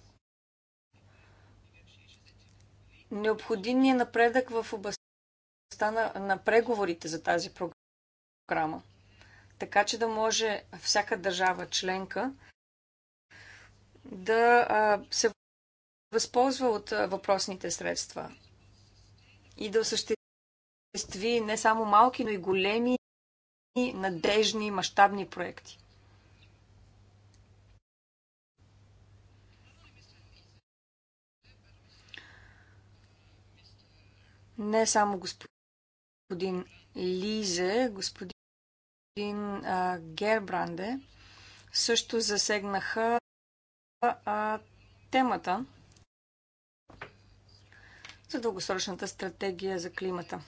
Необходим е напредък в областта на, на преговорите за тази програма, така че да може всяка държава членка да а, се възползва от въпросните средства и да осъществи не само малки, но и големи, надежни, мащабни проекти. Не само господин Лизе, господин а, Гербранде също засегнаха а, темата каква дългосрочната стратегия за климата?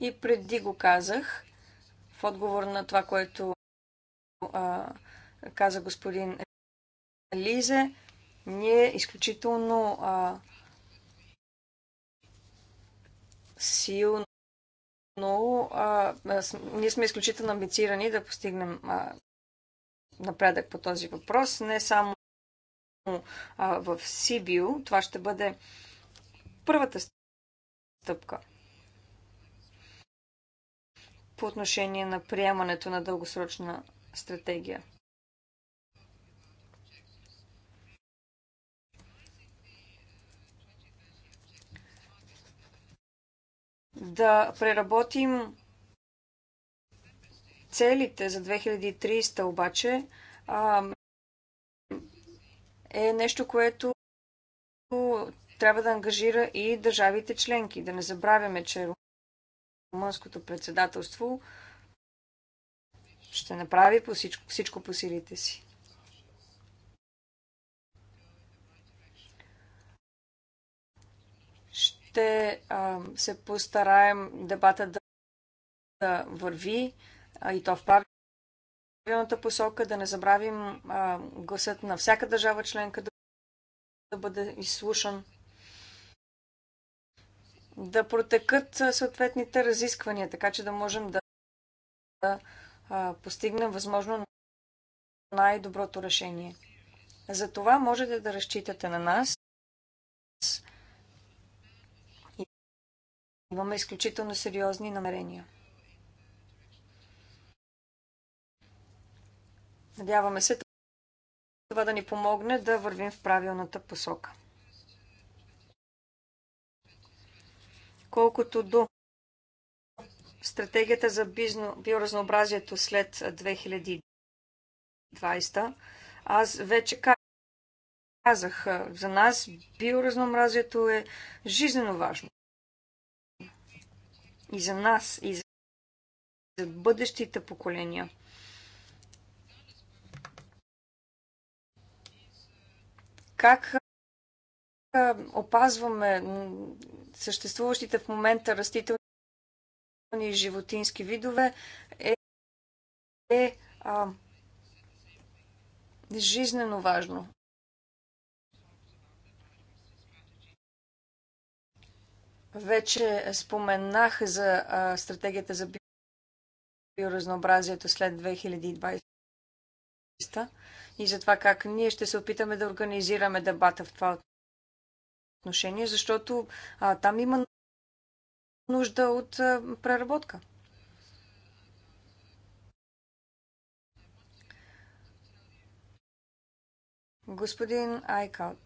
И преди го казах, в отговор на това, което а, каза господин Лизе, ние изключително а, силно но а, ние сме изключително амбицирани да постигнем а, напредък по този въпрос, не само в Сибио. Това ще бъде първата стъпка по отношение на приемането на дългосрочна стратегия. Да преработим целите за 2300 обаче а, е нещо, което трябва да ангажира и държавите членки. Да не забравяме, че румънското председателство ще направи по всичко, всичко по силите си. Ще а, се постараем дебата да, да върви а, и то в правилния правилната посока, да не забравим а, гласът на всяка държава членка да, да бъде изслушан, да протекат съответните разисквания, така че да можем да, да а, постигнем възможно най-доброто решение. За това можете да разчитате на нас. Имаме изключително сериозни намерения. Надяваме се това да ни помогне да вървим в правилната посока. Колкото до стратегията за биоразнообразието след 2020, аз вече казах, за нас биоразнообразието е жизненно важно. И за нас, и за бъдещите поколения – Как опазваме съществуващите в момента растителни и животински видове е, е а, жизнено важно. Вече споменах за а, стратегията за биоразнообразието след 2020 и за това как ние ще се опитаме да организираме дебата в това отношение, защото а, там има нужда от а, преработка. Господин Айкаут,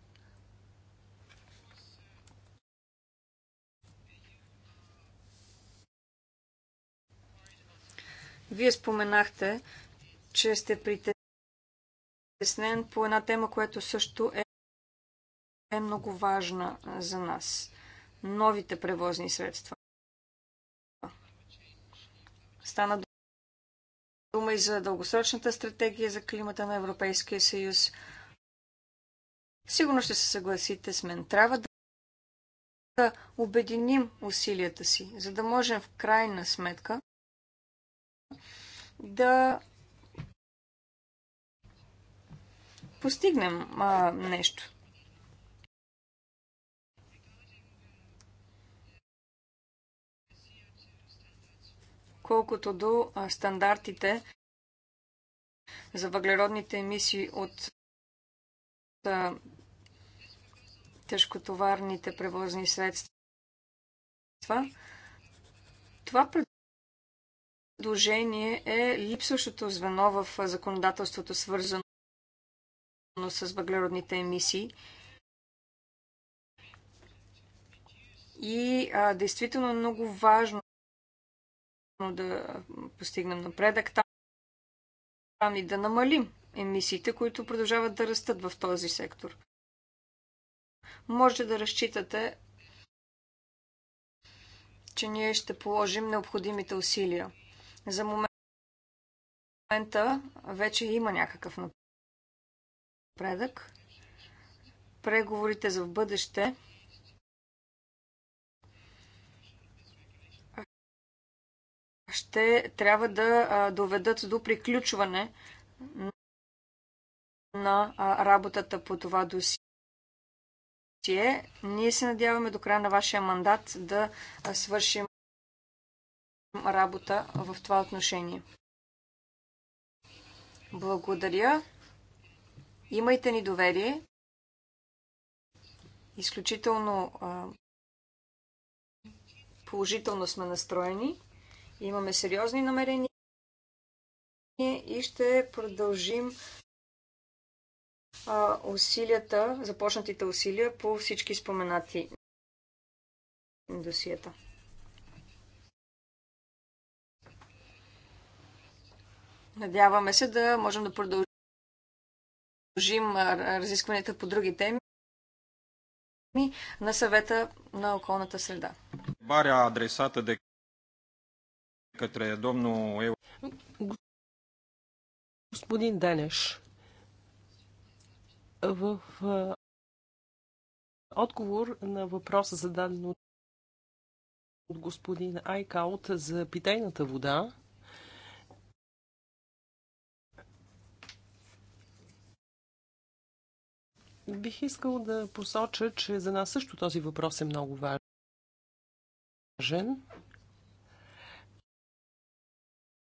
Вие споменахте, че сте притеснени притеснен по една тема, която също е, е много важна за нас. Новите превозни средства. Стана дума и за дългосрочната стратегия за климата на Европейския съюз. Сигурно ще се съгласите с мен. Трябва да да обединим усилията си, за да можем в крайна сметка да постигнем а, нещо. Колкото до а, стандартите за въглеродните емисии от а, тежкотоварните превозни средства, това предложение е липсващото звено в законодателството, свързано с въглеродните емисии. И а, действително е много важно да постигнем напредък там и да намалим емисиите, които продължават да растат в този сектор. Може да разчитате, че ние ще положим необходимите усилия. За момента вече има някакъв напредък напредък. Преговорите за в бъдеще ще трябва да доведат до приключване на работата по това досие. Ние се надяваме до края на вашия мандат да свършим работа в това отношение. Благодаря. Имайте ни доверие. Изключително а, положително сме настроени. Имаме сериозни намерения и ще продължим а, усилията, започнатите усилия по всички споменати досиета. Надяваме се да можем да продължим продължим разискванията по други теми на съвета на околната среда. Баря адресата де către domnul е- Господин Денеш, в отговор на въпроса зададен от господин Айкаут за питейната вода, Бих искал да посоча, че за нас също този въпрос е много важен.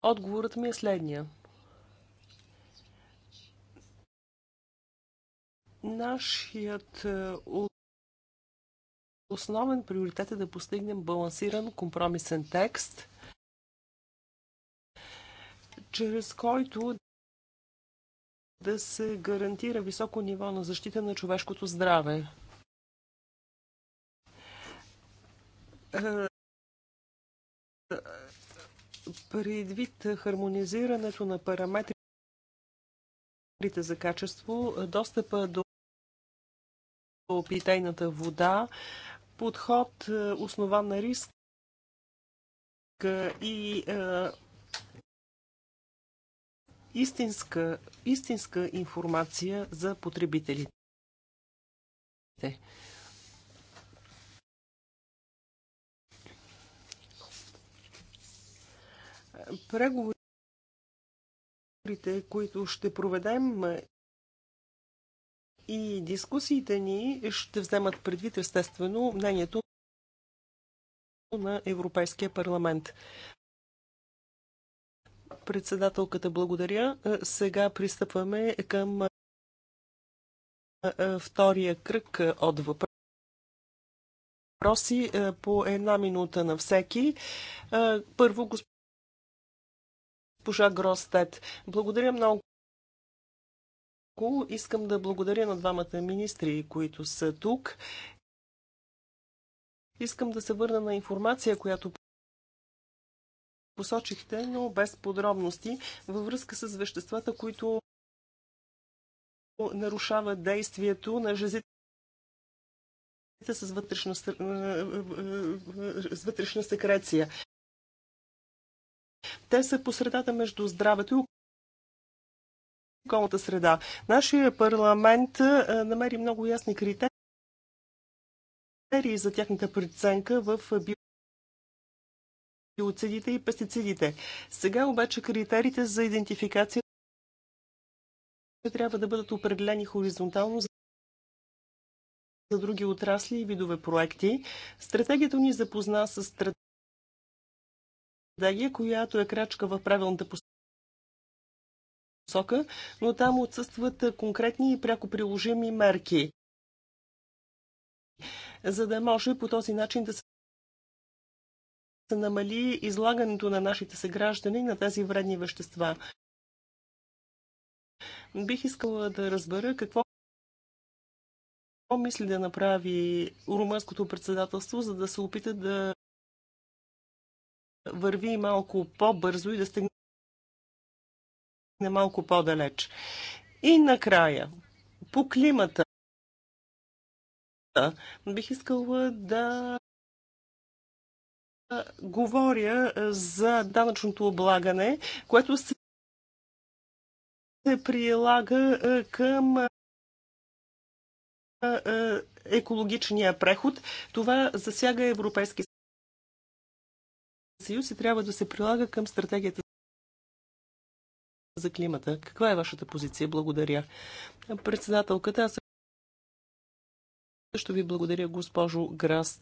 Отговорът ми е следния. Нашият е, основен приоритет е да постигнем балансиран компромисен текст, чрез който да се гарантира високо ниво на защита на човешкото здраве. Е, предвид хармонизирането на параметрите за качество, достъпа до питейната вода, подход е, основан на риск е, и истинска, истинска информация за потребителите. Преговорите, които ще проведем и дискусиите ни ще вземат предвид естествено мнението на Европейския парламент. Председателката благодаря. Е, сега пристъпваме към е, е, втория кръг от въпроси въпроси по една минута на всеки. Първо, госпожа Гростет. Благодаря много. Искам да благодаря на двамата министри, които са тук. Искам да се върна на информация, която посочихте, но без подробности, във връзка с веществата, които нарушават действието на жезите с вътрешна, с вътрешна секреция. Те са посредата между здравето и околната среда. Нашия парламент намери много ясни критерии за тяхната преценка в биоцидите и пестицидите. Сега обаче критериите за идентификация трябва да бъдат определени хоризонтално за други отрасли и видове проекти. Стратегията ни запозна с стратегия, която е крачка в правилната посока, но там отсъстват конкретни и пряко приложими мерки, за да може по този начин да се се намали излагането на нашите съграждани на тези вредни вещества. Бих искала да разбера какво мисли да направи румънското председателство, за да се опита да върви малко по-бързо и да стигне малко по-далеч. И накрая, по климата, бих искала да говоря за данъчното облагане, което се прилага към екологичния преход. Това засяга Европейски съюз и трябва да се прилага към стратегията за климата. Каква е вашата позиция? Благодаря. Председателката, аз също ви благодаря, госпожо Грас.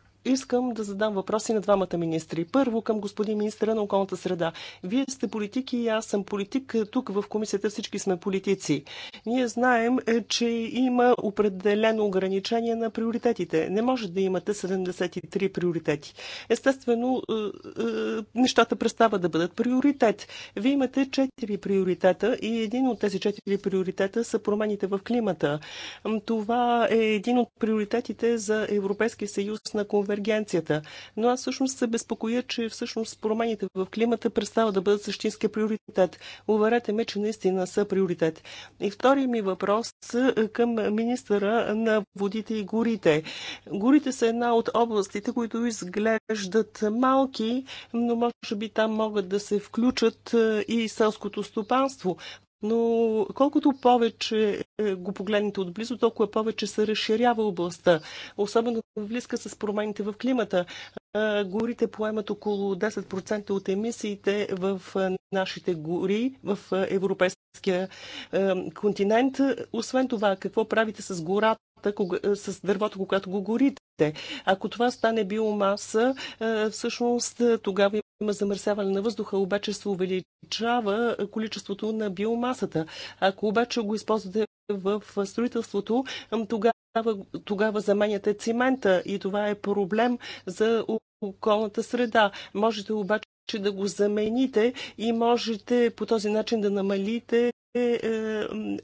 Искам да задам въпроси на двамата министри. Първо към господин министра на околната среда. Вие сте политики и аз съм политик. Тук в комисията всички сме политици. Ние знаем, е, че има определено ограничение на приоритетите. Не може да имате 73 приоритети. Естествено, е, е, нещата престава да бъдат приоритет. Вие имате 4 приоритета и един от тези 4 приоритета са промените в климата. Това е един от приоритетите за Европейския съюз на конвенцията конвергенцията. Но аз всъщност се безпокоя, че всъщност промените в климата представа да бъдат същински приоритет. Уверете ме, че наистина са приоритет. И втори ми въпрос е, е, към министъра на водите и горите. Горите са една от областите, които изглеждат малки, но може би там могат да се включат е, и селското стопанство но колкото повече е, го погледнете отблизо, толкова повече се разширява областта, особено в близка с промените в климата. Е, горите поемат около 10% от емисиите в е, нашите гори, в европейския континент. Освен това, какво правите с гората? Е, с дървото, когато го горите. Ако това стане биомаса, е, всъщност е, тогава има замърсяване на въздуха, обаче се увеличава количеството на биомасата. Ако обаче го използвате в строителството, тогава, тогава заменяте цимента и това е проблем за околната среда. Можете обаче да го замените и можете по този начин да намалите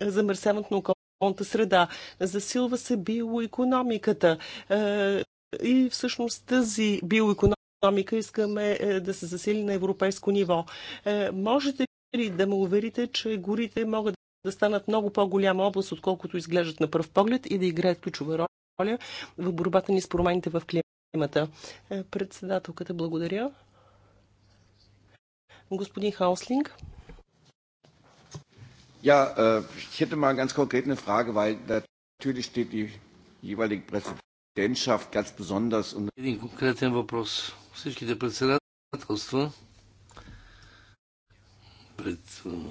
замърсяването на околната околната среда, засилва се биоекономиката. Е, и всъщност тази биоекономика искаме е, да се засили на европейско ниво. Е, можете ли да ме уверите, че горите могат да станат много по-голяма област, отколкото изглеждат на пръв поглед и да играят ключова роля в борбата ни с промените в климата? Председателката, благодаря. Господин Хауслинг. Ja, äh, ich hätte mal ganz konkret eine Frage, weil natürlich steht die jeweilige Präsidentschaft ganz besonders und Един конкретен въпрос. Всичките председателства пред э,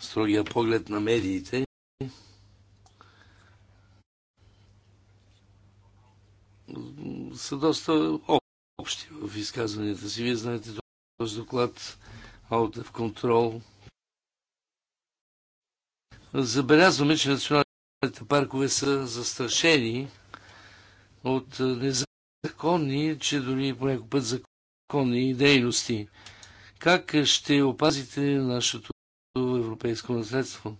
строгия поглед на медиите са доста общи в изказванията си. Вие знаете този доклад Out of Control – Забелязваме, че националните паркове са застрашени от незаконни, че дори по някой път законни дейности. Как ще опазите нашето европейско наследство?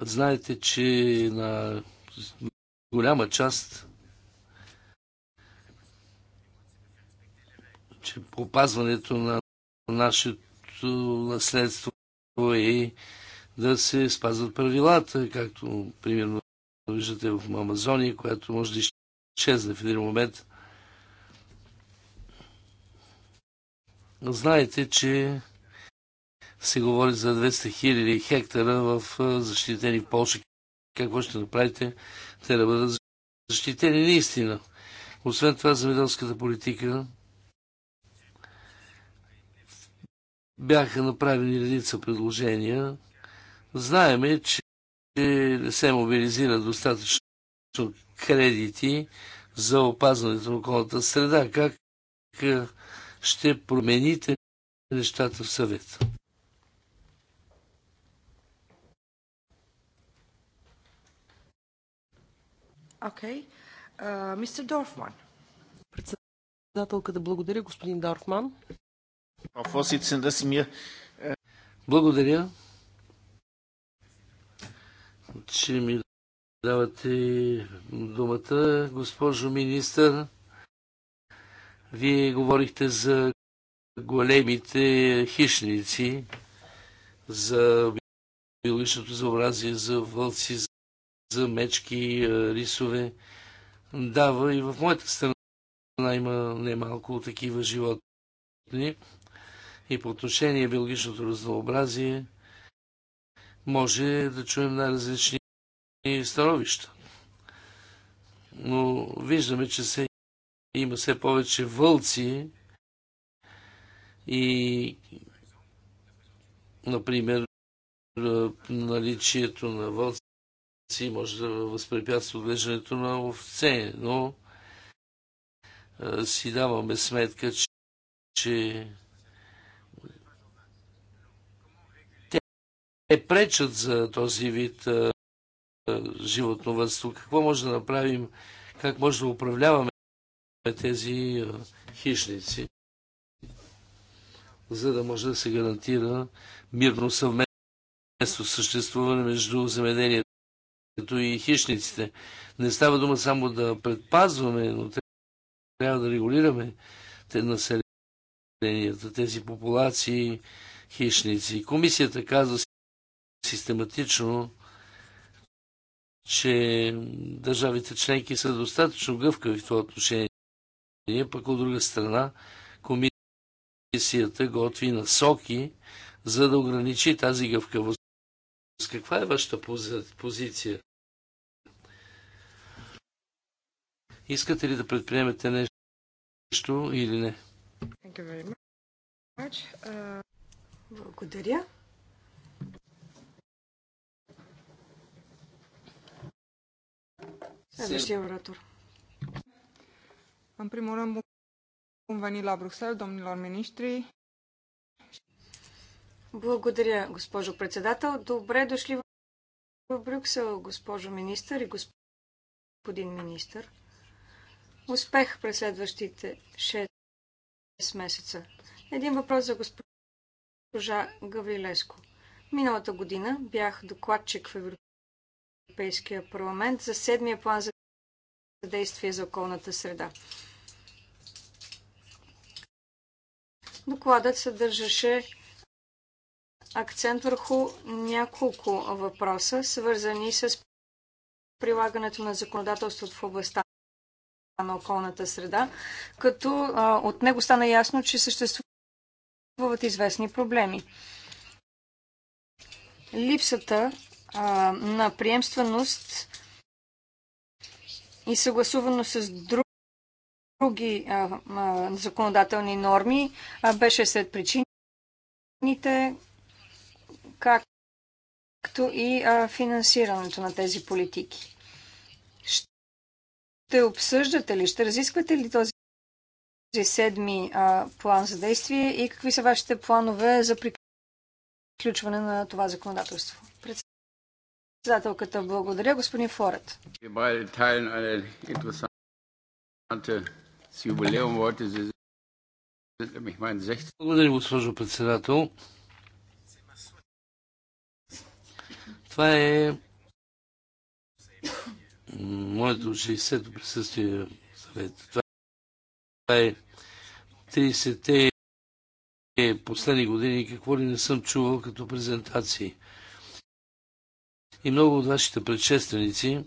Знаете, че на голяма част че опазването на нашето наследство и да се спазват правилата, както примерно виждате в Амазония, която може да изчезне в един момент. Знаете, че се говори за 200 хиляди хектара в защитени Польша. Какво ще направите? Те да бъдат защитени наистина. Освен това, земеделската политика Бяха направени редица предложения. Знаеме, че не се мобилизира достатъчно кредити за опазването на околната среда. Как е, ще промените нещата в съвета? Окей. Мистер Дорфман. Председателка, да благодаря, господин Дорфман. Благодаря, че ми давате думата, госпожо министър. Вие говорихте за големите хищници, за биологичното заобразие, за вълци, за мечки, рисове. Дава и в моята страна има немалко такива животни. И по отношение биологичното разнообразие може да чуем най-различни становища. Но виждаме, че се, има все повече вълци и, например, наличието на вълци може да възпрепятства отглеждането на овце, но си даваме сметка, че, че Не пречат за този вид животновътство? Какво може да направим? Как може да управляваме тези хищници, за да може да се гарантира мирно съвместно съществуване между земеделието и хищниците. Не става дума само да предпазваме, но трябва да регулираме те населенията, тези популации хищници. Комисията казва систематично, че държавите членки са достатъчно гъвкави в това отношение, пък от друга страна комисията готви насоки, за да ограничи тази гъвкавост. Каква е вашата позиция? Искате ли да предприемете нещо или не? Uh, благодаря. Следващия оратор. În primul rând, bun venit la Bruxelles, domnilor ministri. Благодаря, госпожо председател. Добре дошли в Брюксел, госпожо министър и господин министър. Успех през следващите 6 месеца. Един въпрос за госпожа Гаврилеско. Миналата година бях докладчик в Европейския Европейския парламент за седмия план за действие за околната среда. Докладът съдържаше акцент върху няколко въпроса, свързани с прилагането на законодателството в областта на околната среда, като а, от него стана ясно, че съществуват известни проблеми. Липсата а, на приемственост и съгласувано с други а, а, законодателни норми, а, беше след причините, както и а, финансирането на тези политики. Ще обсъждате ли, ще разисквате ли този седми а, план за действие и какви са вашите планове за приключване на това законодателство? Председателката благодаря. Господин Форет. Благодаря, госпожо председател. Това е моето 60-то присъствие в съвет. Това е 30-те последни години, какво ли не съм чувал като презентации. И много от вашите предшественици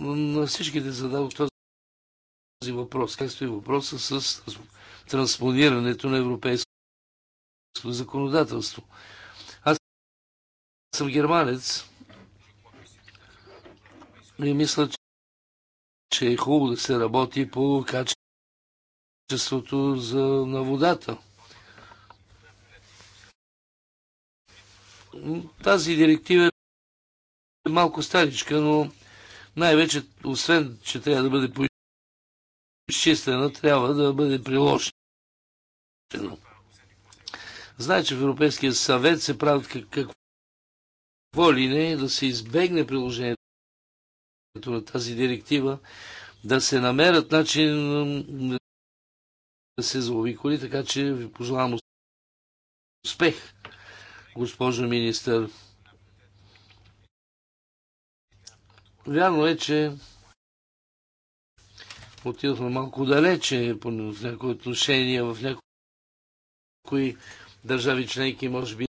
на всичките зададох този въпрос, Как стои въпроса с транспонирането на европейското законодателство. Аз съм германец и мисля, че е хубаво да се работи по качество качеството за, на водата. Тази директива е малко старичка, но най-вече, освен, че трябва да бъде изчистена, трябва да бъде приложена. Знае, че в Европейския съвет се правят какво ли не, да се избегне приложението на тази директива, да се намерят начин се заобиколи, така че ви пожелавам успех, госпожо министър. Вярно е, че отидохме малко далече по някои отношения в някои държави членки, може би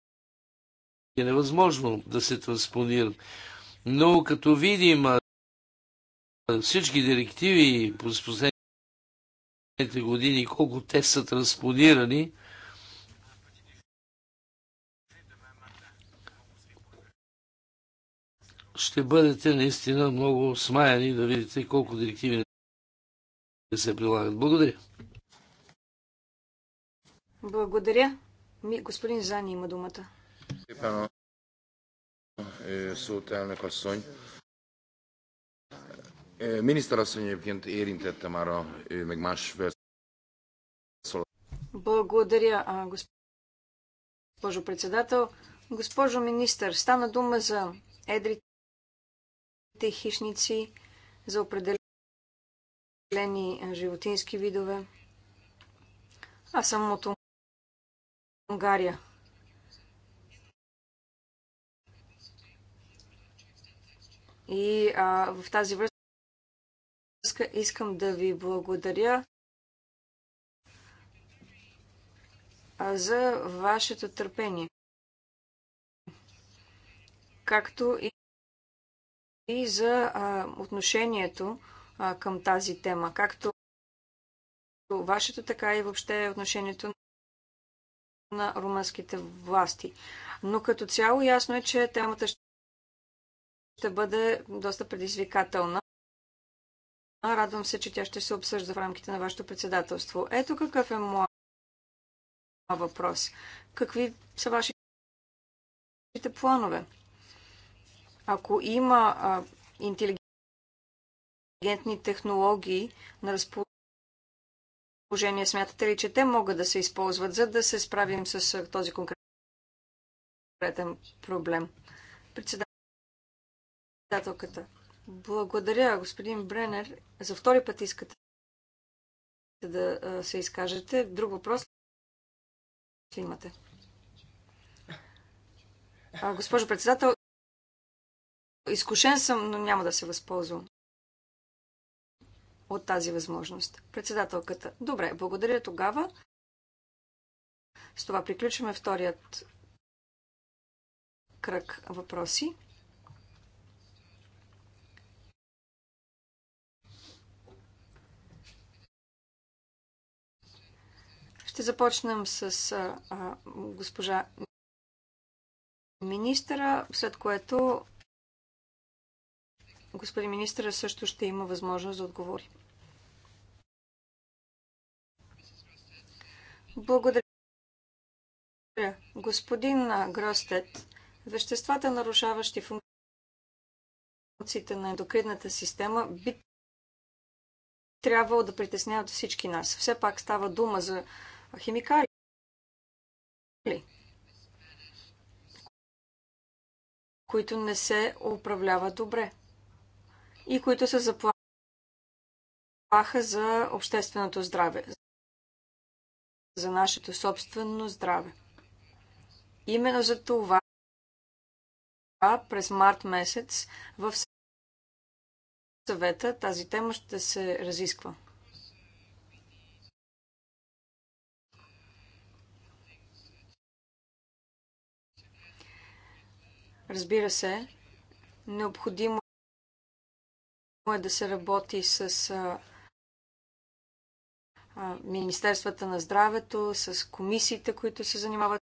е невъзможно да се транспонират, Но като видим всички директиви по години, колко те са транспонирани. Ще бъдете наистина много смаяни да видите колко директиви не се прилагат. Благодаря. Благодаря. Ми, господин Зани има думата. Е, szót, Miniszterasszony egyébként érintette már Благодаря, госпожо председател. Госпожо министър, стана дума за едрите хищници, за определени животински видове. Аз съм от Унгария. И а, в тази връзка връзка искам да ви благодаря за вашето търпение. Както и за отношението към тази тема. Както вашето, така и въобще отношението на румънските власти. Но като цяло ясно е, че темата ще бъде доста предизвикателна. Радвам се, че тя ще се обсъжда в рамките на вашето председателство. Ето какъв е моят въпрос. Какви са вашите планове? Ако има интелигентни технологии на разположение, смятате ли, че те могат да се използват, за да се справим с този конкретен проблем? Председателката. Благодаря, господин Бренер. За втори път искате да се изкажете. Друг въпрос ли имате? А, госпожо председател, изкушен съм, но няма да се възползвам от тази възможност. Председателката. Добре, благодаря тогава. С това приключваме вторият кръг въпроси. Ще започнем с а, а, госпожа министра, след което господин министра също ще има възможност да отговори. Благодаря. Господин Гростет, веществата, нарушаващи функциите на ендокринната система, би трябвало да притесняват всички нас. Все пак става дума за химикали, които не се управляват добре и които се заплаха за общественото здраве, за нашето собствено здраве. Именно за това през март месец в съвета тази тема ще се разисква. Разбира се, необходимо е да се работи с Министерствата на здравето, с комисиите, които се занимават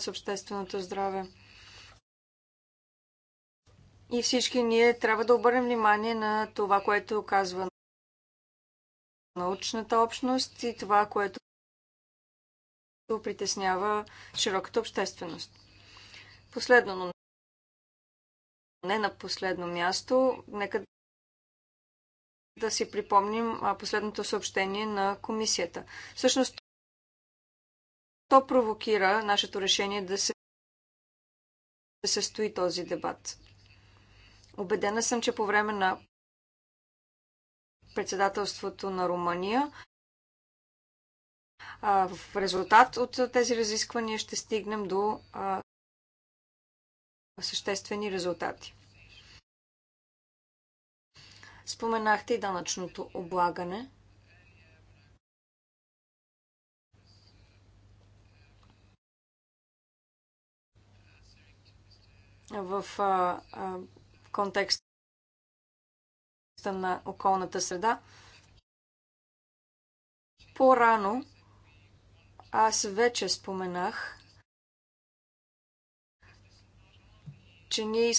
с общественото здраве. И всички ние трябва да обърнем внимание на това, което казва научната общност и това, което притеснява широката общественост. Последно, но не на последно място, нека да си припомним последното съобщение на комисията. Всъщност, то провокира нашето решение да се, да се стои този дебат. Обедена съм, че по време на председателството на Румъния в резултат от тези разисквания ще стигнем до съществени резултати. Споменахте и данъчното облагане. В а, а, контекста на околната среда. По-рано аз вече споменах, че ние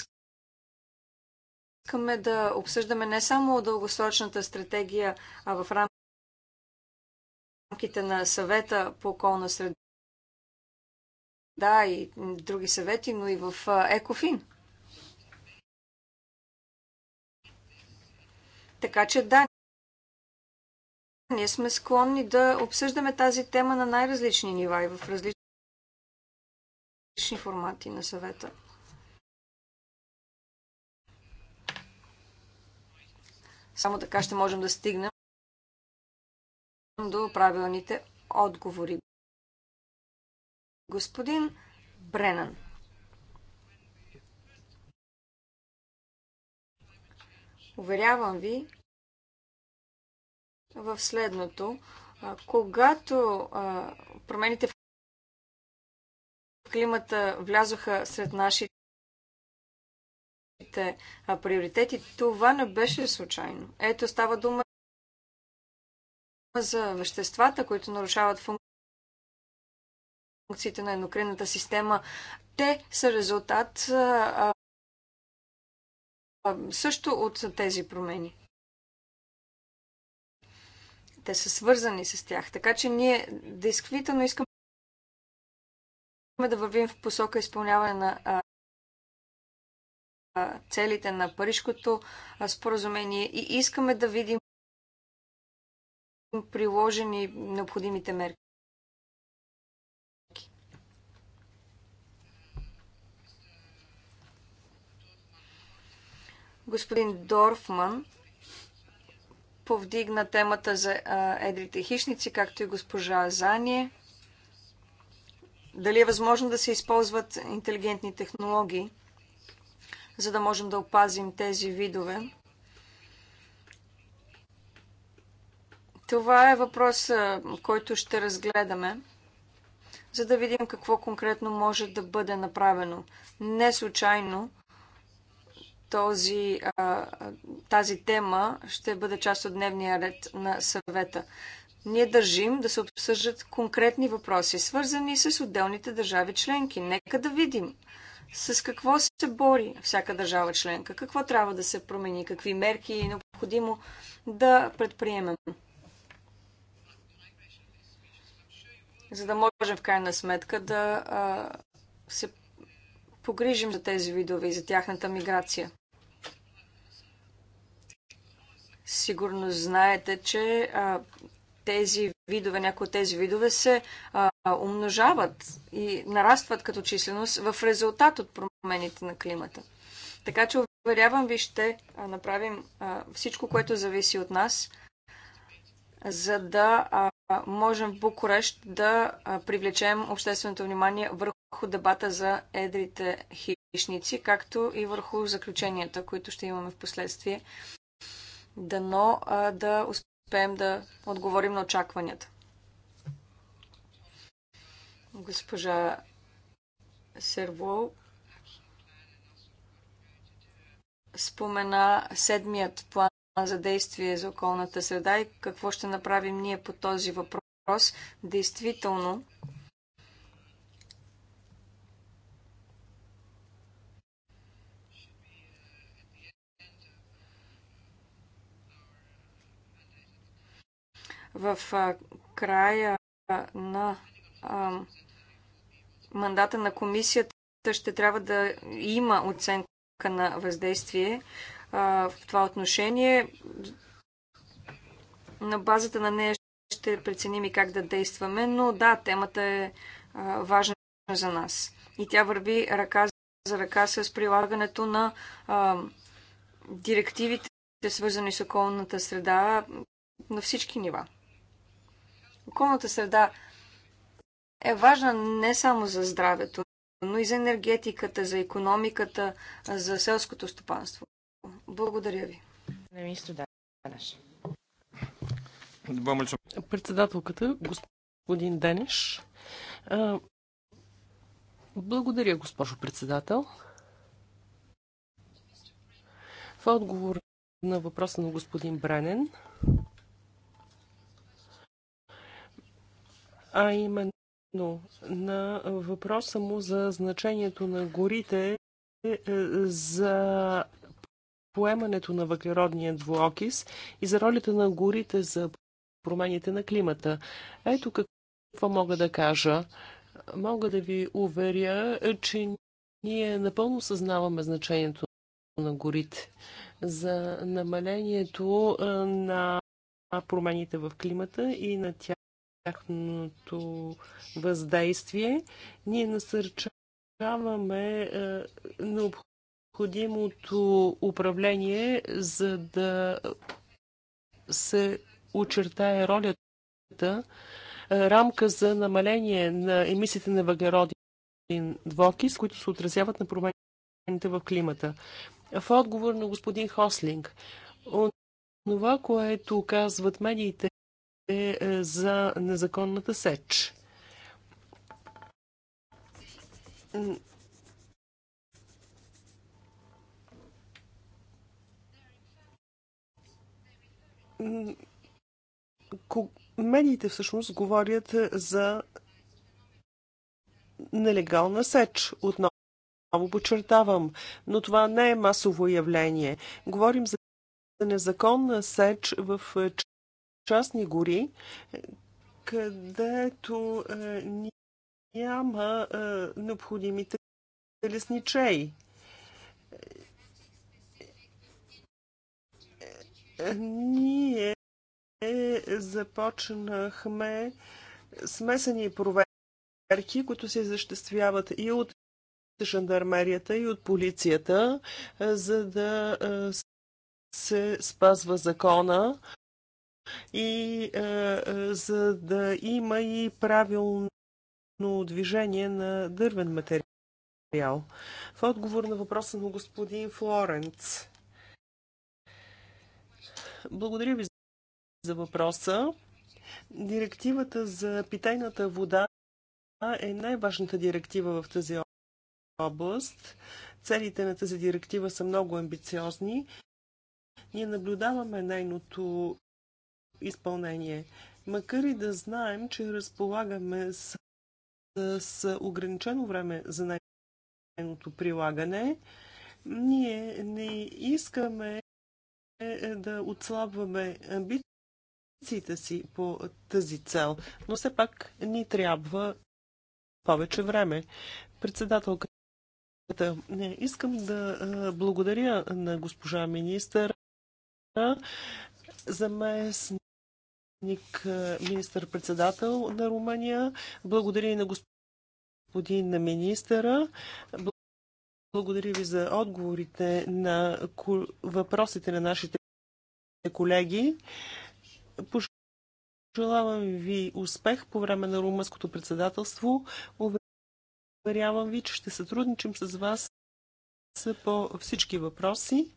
искаме да обсъждаме не само дългосрочната стратегия, а в рамките на съвета по околна среда да, и други съвети, но и в Екофин. Така че да, ние сме склонни да обсъждаме тази тема на най-различни нива и в различни формати на съвета. Само така ще можем да стигнем до правилните отговори. Господин Бренан. Уверявам ви в следното. Когато промените в климата влязоха сред нашите а, приоритети. Това не беше случайно. Ето става дума за веществата, които нарушават функциите на еднокринната система. Те са резултат също от тези промени. Те са свързани с тях. Така че ние действително искаме да вървим в посока изпълняване на целите на Парижкото споразумение и искаме да видим приложени необходимите мерки. Господин Дорфман повдигна темата за едрите хищници, както и госпожа Зание. Дали е възможно да се използват интелигентни технологии? за да можем да опазим тези видове. Това е въпрос, който ще разгледаме, за да видим какво конкретно може да бъде направено. Не случайно този, тази тема ще бъде част от дневния ред на съвета. Ние държим да се обсъждат конкретни въпроси, свързани с отделните държави членки. Нека да видим с какво се бори всяка държава членка? Какво трябва да се промени? Какви мерки е необходимо да предприемем? За да можем в крайна сметка да а, се погрижим за тези видове и за тяхната миграция. Сигурно знаете, че а, тези видове, някои от тези видове се а, умножават и нарастват като численост в резултат от промените на климата. Така че, уверявам ви, ще направим а, всичко, което зависи от нас, за да а, можем в Букурещ да а, привлечем общественото внимание върху дебата за едрите хищници, както и върху заключенията, които ще имаме в последствие. Дано а, да успеем успеем да отговорим на очакванията. Госпожа Серво спомена седмият план за действие за околната среда и какво ще направим ние по този въпрос. Действително, в края на мандата на комисията ще трябва да има оценка на въздействие в това отношение. На базата на нея ще преценим и как да действаме, но да, темата е важна за нас. И тя върви ръка за ръка с прилагането на а, директивите, свързани с околната среда на всички нива. Околната среда е важна не само за здравето, но и за енергетиката, за економиката, за селското стопанство. Благодаря ви. Председателката, господин Денеш. Благодаря, госпожо председател. В отговор на въпроса на господин Бренен, а именно на въпроса му за значението на горите е, е, за поемането на въглеродния двуокис и за ролята на горите за промените на климата. Ето какво мога да кажа. Мога да ви уверя, че ние напълно съзнаваме значението на горите за намалението е, на промените в климата и на тях тяхното въздействие. Ние насърчаваме е, необходимото управление, за да се очертае ролята, е, рамка за намаление на емисиите на въглероден двокис, които се отразяват на промените в климата. В отговор на господин Хослинг, това, което казват медиите е, е за незаконната сеч. Медиите всъщност говорят за нелегална сеч отново. много подчертавам, но това не е масово явление. Говорим за незаконна сеч в е, частни гори, където е, няма е, необходимите лесничеи. Е, ние започнахме смесени проверки, които се изъществяват и от жандармерията, и от полицията, за да се спазва закона и а, е, а, е, за да има и правилно движение на дървен материал. В отговор на въпроса на господин Флоренц. Благодаря ви за въпроса. Директивата за питайната вода е най-важната директива в тази област. Целите на тази директива са много амбициозни. Ние наблюдаваме нейното изпълнение. Макар и да знаем, че разполагаме с, с ограничено време за нейното прилагане, ние не искаме е, е, да отслабваме амбициите си по тази цел, но все пак ни трябва повече време. Председателка не, искам да е, благодаря на госпожа министър за местни заместник министър-председател на Румъния. Благодаря и на господин на министъра. Благодаря ви за отговорите на въпросите на нашите колеги. Пожелавам ви успех по време на румънското председателство. Уверявам ви, че ще сътрудничим с вас по всички въпроси.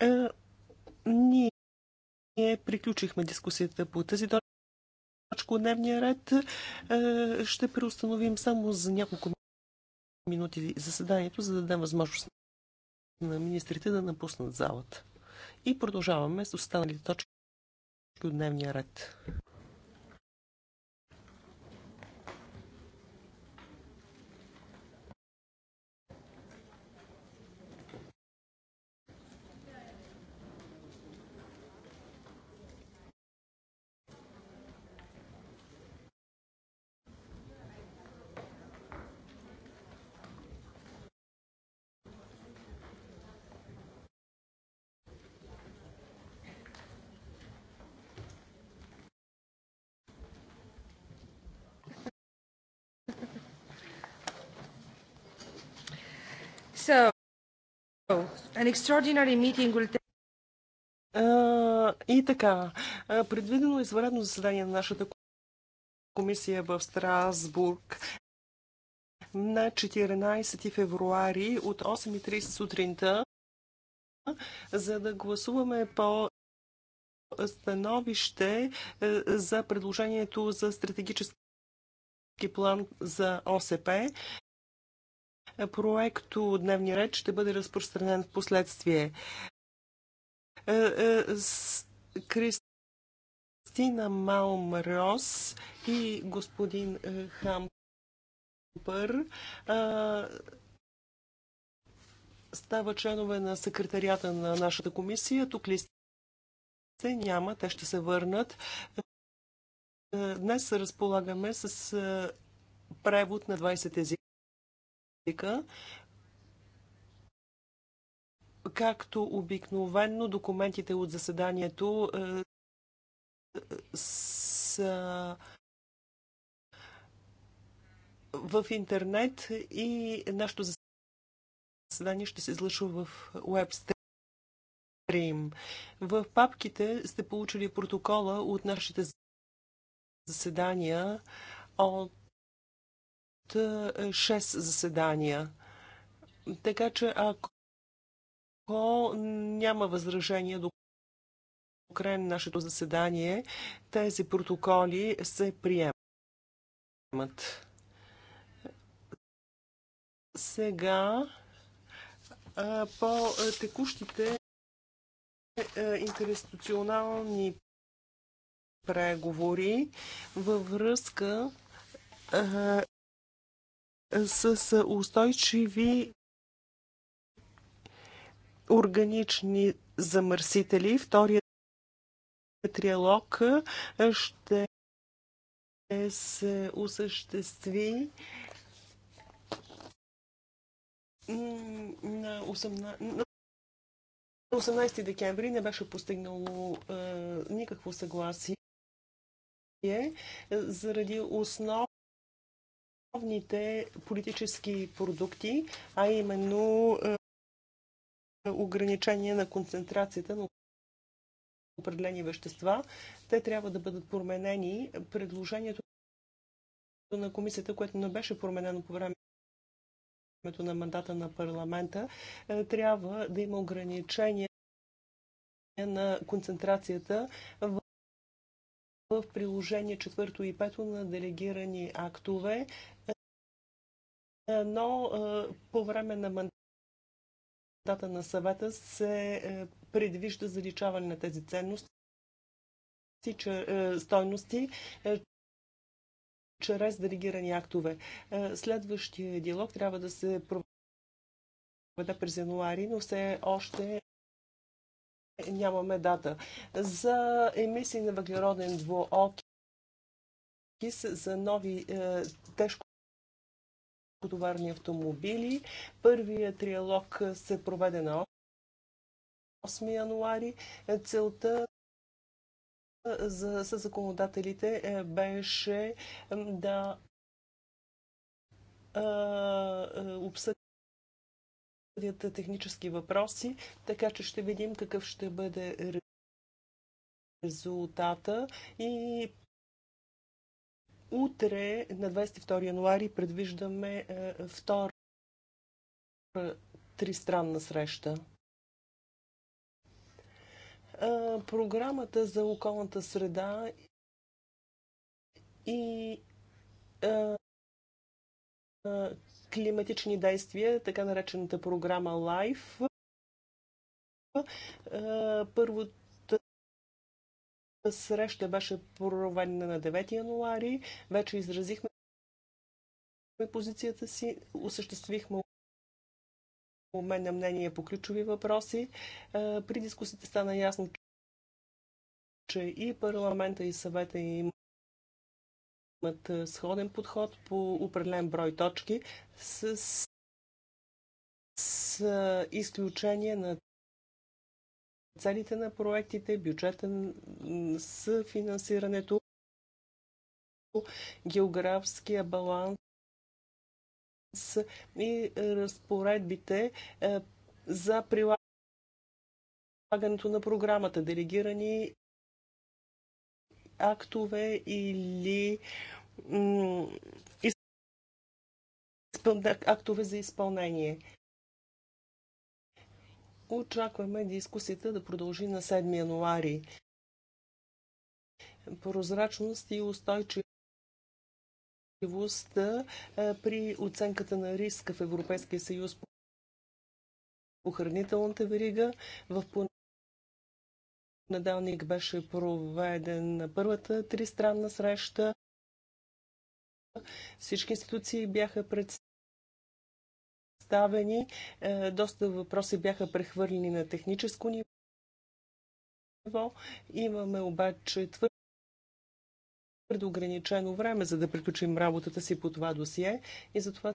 Е, ние ние приключихме дискусията по тази точка от дневния ред. Е, ще преустановим само за няколко минути заседанието, за да дадем възможност на министрите да напуснат залата. И продължаваме с останалите точки от дневния ред. So, an extraordinary meeting will take... И така, предвидено извънредно заседание на нашата комисия в Страсбург на 14 февруари от 8.30 сутринта, за да гласуваме по становище е, за предложението за стратегически план за ОСП. Проекто дневния ред ще бъде разпространен в последствие. Е, е, Кристина Малм Рос и господин е, Хампър става членове на секретарията на нашата комисия. Тук ли сте? Няма. Те ще се върнат. Днес разполагаме с превод на 20 езика политика, както обикновенно документите от заседанието е, са в интернет и нашето заседание ще се излъчва в WebStream. В папките сте получили протокола от нашите заседания от 6 заседания. Така че ако няма възражение до край на нашето заседание, тези протоколи се приемат. Сега по текущите е, интерституционални преговори във връзка с устойчиви органични замърсители. Втория триалог ще се осъществи на 18, 18 декември не беше постигнало е, никакво съгласие заради основ основните политически продукти, а именно е, ограничение на концентрацията на определени вещества. Те трябва да бъдат променени. Предложението на комисията, което не беше променено по време на мандата на парламента, е, трябва да има ограничение на концентрацията в в приложение 4 и пето на делегирани актове, но е, по време на мандата на съвета се е, предвижда заличаване на тези ценности, е, стойности, чрез делегирани актове. Следващия диалог трябва да се проведе през януари, но все още нямаме дата. За емисии на въглероден двуокис за нови е, тежко товарни автомобили. Първият триалог се проведе на 8 януари. Целта е, за, за законодателите е, беше да е, е обсъдят бъдат технически въпроси, така че ще видим какъв ще бъде резултата и утре на 22 януари предвиждаме е, втора тристранна среща. Е, програмата за околната среда и е, климатични действия, така наречената програма LIFE. Е, първата среща беше проведена на 9 януари. Вече изразихме позицията си, осъществихме обмен на мнение по ключови въпроси. Е, при дискусите стана ясно, че и парламента и съвета има имат е, сходен подход по определен брой точки с, с, с е, изключение на целите на проектите, бюджета с финансирането, географския баланс и разпоредбите е, за прилагането на програмата, делегирани актове или актове за изпълнение. Очакваме дискусията да продължи на 7 януари. Прозрачност и устойчивост при оценката на риска в Европейския съюз по хранителната верига в понеделник беше проведен на първата тристранна среща всички институции бяха представени. Е, доста въпроси бяха прехвърлени на техническо ниво. Имаме обаче твърдо ограничено време, за да приключим работата си по това досие и затова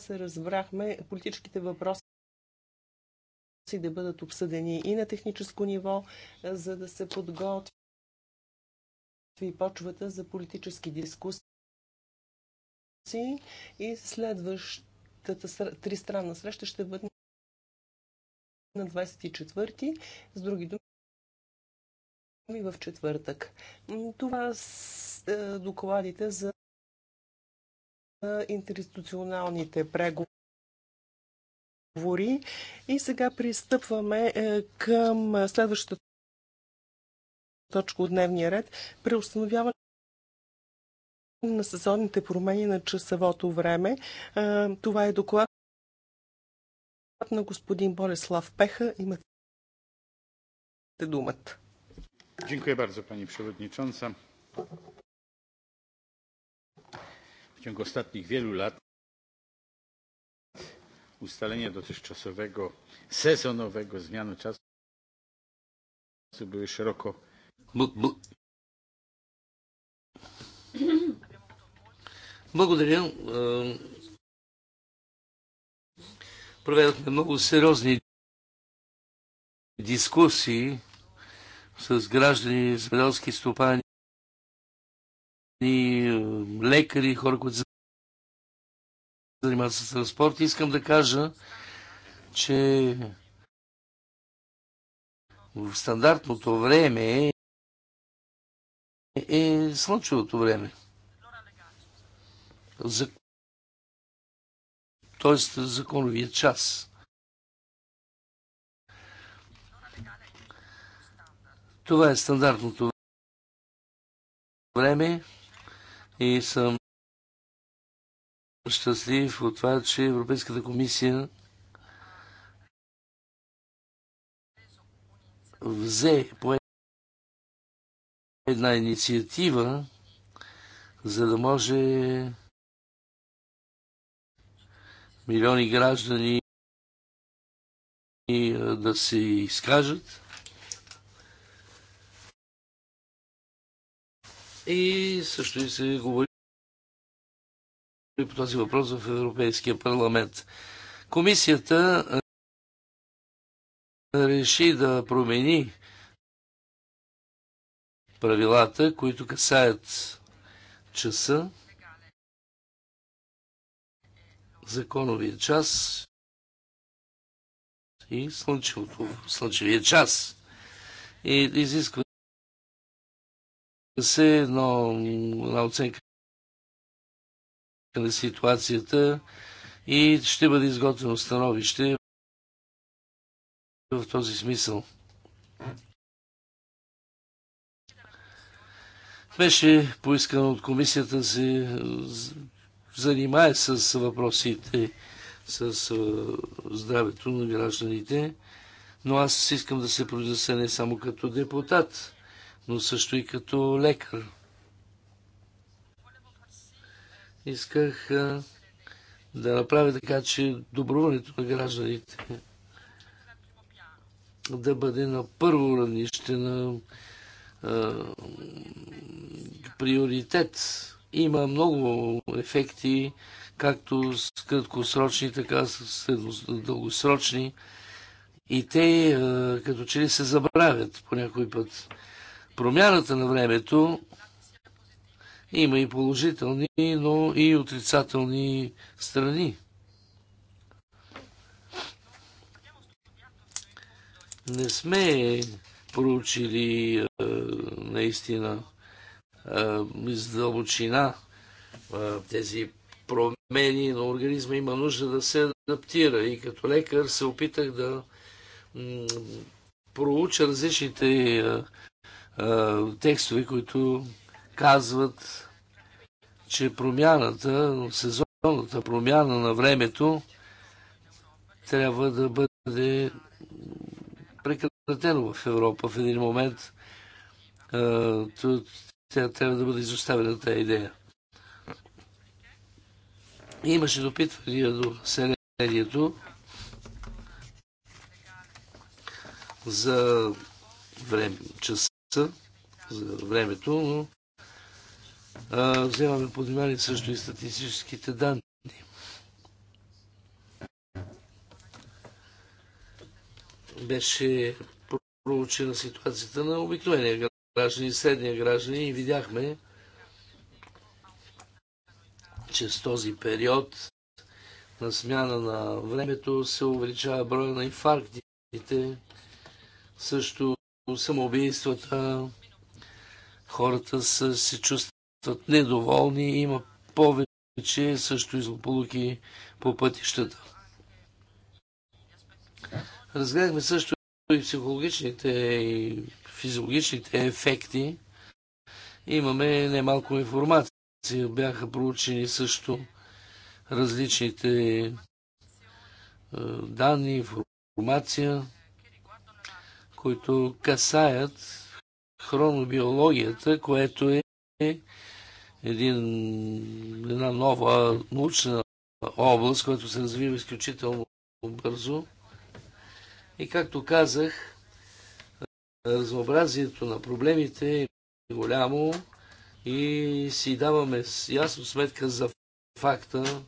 се разбрахме политическите въпроси да бъдат обсъдени и на техническо ниво, е, за да се подготви изчисти почвата за политически дискусии и следващата тристранна среща ще бъде на 24 с други думи в четвъртък. Това с е, докладите за е, интерституционалните преговори И сега пристъпваме е, към следващата точка от дневния ред – преустановяване на сезонните промени на часовото време. Това е доклад на господин Болеслав Пеха. Имате думата. Dziękuję bardzo Pani Przewodnicząca. W ciągu ostatnich wielu lat ustalenia dotychczasowego sezonowego zmiany czasu były szeroko благодаря. Е, проведохме много сериозни дискусии с граждани, земеделски стопани, е, лекари, хора, които се занимават с транспорт. Искам да кажа, че в стандартното време е, е слънчевото време. За... Тоест законовия час. Това е стандартното време и съм щастлив от това, че Европейската комисия взе, пое една инициатива, за да може милиони граждани да се изкажат. И също и се говори по този въпрос в Европейския парламент. Комисията реши да промени правилата, които касаят часа, законовия час и слънчевото, слънчевия час. И изисква се едно, една оценка на ситуацията и ще бъде изготвено становище в този смисъл. беше поискано от комисията да се е, занимае с въпросите с е, здравето на гражданите, но аз искам да се произнеса не само като депутат, но също и като лекар. Исках е, да направя така, че доброването на гражданите да бъде на първо равнище на приоритет. Има много ефекти, както с краткосрочни, така с дългосрочни. И те е, като че ли се забравят по някой път. Промяната на времето има и положителни, но и отрицателни страни. Не сме проучили е, наистина е, издълбочина е, тези промени на организма има нужда да се адаптира. И като лекар се опитах да проуча различните текстове, които казват, че промяната, сезонната промяна на времето трябва да бъде прекратено в Европа в един момент. Тя трябва да бъде изоставена тази идея. Имаше допитвания до населението за време, часа, за времето, но а, вземаме под внимание също и статистическите данни. беше проучена ситуацията на обикновения граждан и средния граждан и видяхме, че с този период на смяна на времето се увеличава броя на инфарктите, също самоубийствата, хората са, се чувстват недоволни, има повече също излополуки по пътищата. Разгледахме също и психологичните и физиологичните ефекти. Имаме немалко информация. Бяха проучени също различните е, данни, информация, които касаят хронобиологията, което е един, една нова научна област, която се развива изключително бързо. И както казах, разнообразието на проблемите е голямо и си даваме ясно сметка за факта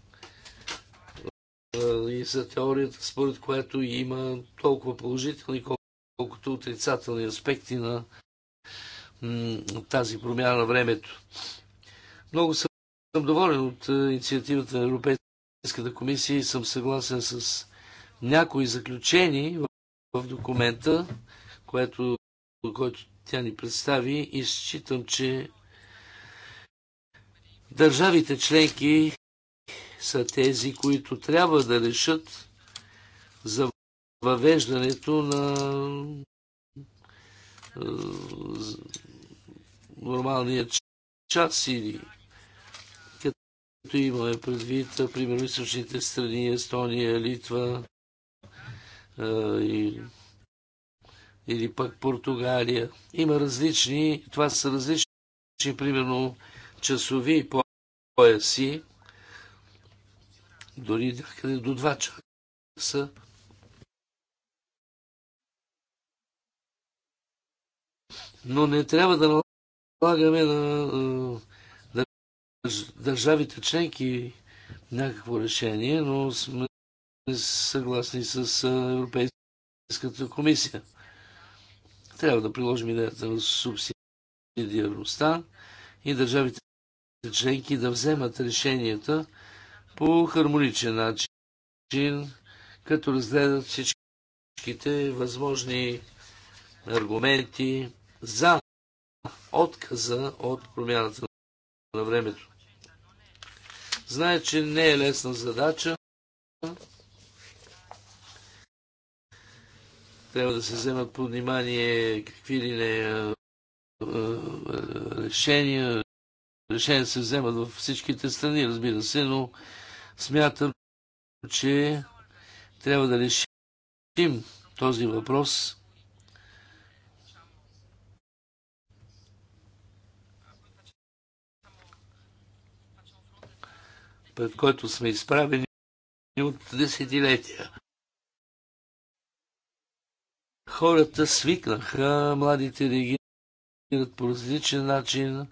и за теорията, според която има толкова положителни, колкото отрицателни аспекти на тази промяна на времето. Много съм доволен от инициативата на Европейската комисия и съм съгласен с някои заключения в документа, което, който тя ни представи и считам, че държавите членки са тези, които трябва да решат за въвеждането на е, нормалния час или като имаме предвид, примерно, източните страни, Естония, Литва, и, или пък Португалия. Има различни, това са различни, примерно, часови пояси, дори някъде до 2 часа. Но не трябва да налагаме на държавите членки някакво решение, но сме съгласни с Европейската комисия. Трябва да приложим идеята на субсидиарността и държавите членки да вземат решенията по хармоничен начин, като разгледат всичките възможни аргументи за отказа от промяната на времето. Знае, че не е лесна задача, Трябва да се вземат под внимание какви ли не решения. Решения се вземат във всичките страни, разбира се, но смятам, че трябва да решим този въпрос. пред който сме изправени от десетилетия. Хората свикнаха, младите реагират по различен начин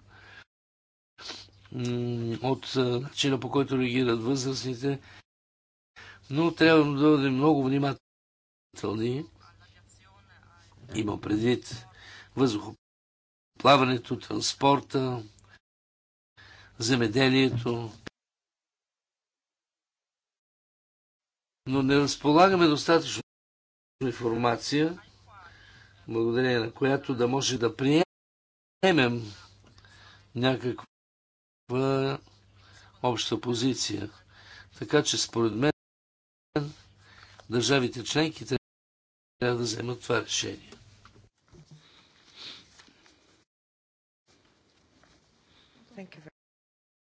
от начина по който реагират възрастните, но трябва да бъдем много внимателни. Има предвид въздухоплаването, транспорта, земеделието. Но не разполагаме достатъчно информация благодарение на която да може да приемем някаква обща позиция. Така че според мен държавите членки трябва да вземат това решение.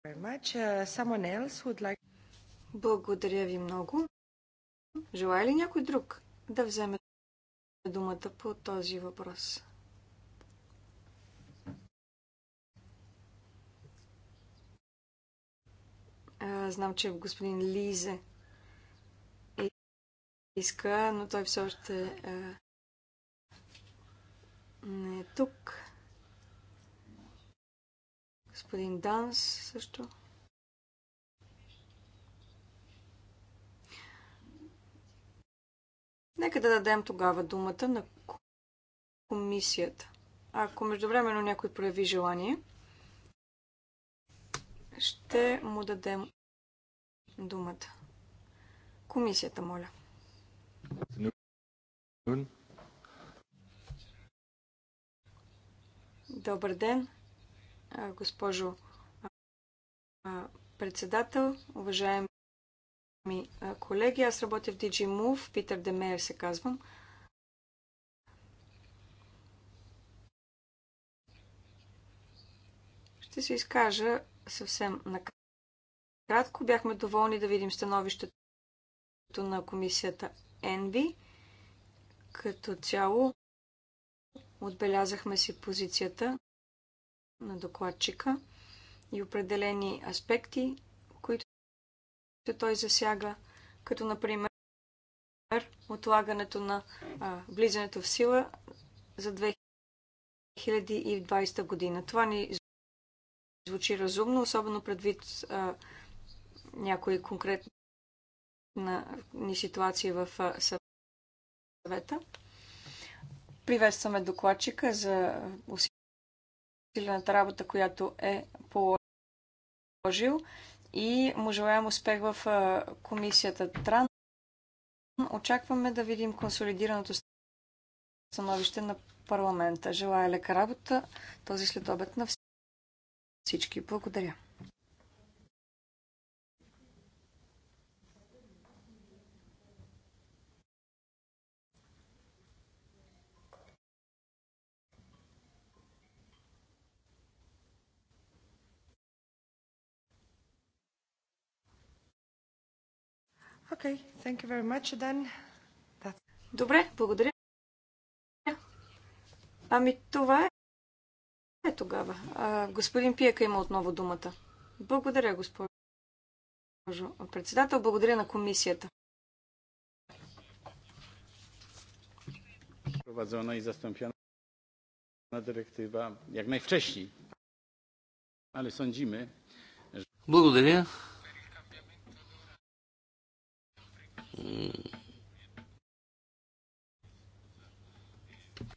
Uh, Благодаря ви много. Желая ли някой друг да вземе думата по този въпрос. Знам, че господин Лизе е- иска, но той все още не е тук. Господин Данс също. Нека да дадем тогава думата на комисията. Ако междувременно някой прояви желание, ще му дадем думата. Комисията, моля. Добър ден, госпожо председател, уважаеми ми колеги. Аз работя в DigiMove. Питър Демеер се казвам. Ще се изкажа съвсем накратко. Бяхме доволни да видим становището на комисията Енви. Като цяло отбелязахме си позицията на докладчика и определени аспекти които той засяга, като например отлагането на а, влизането в сила за 2020 година. Това ни звучи разумно, особено предвид а, някои конкретни ситуации в съвета. Приветстваме докладчика за усилената работа, която е положил и му желаем успех в комисията Тран. Очакваме да видим консолидираното становище на парламента. Желая лека работа този следобед на всички. Благодаря. Okay, thank you very much then. That's... Добре, благодаря. Ами това е, е тогава. А, господин Пиека има отново думата. Благодаря, госпожо председател. Благодаря на комисията. Prowadzona i директива, як най-вчешни. Али съм Джиме. Благодаря.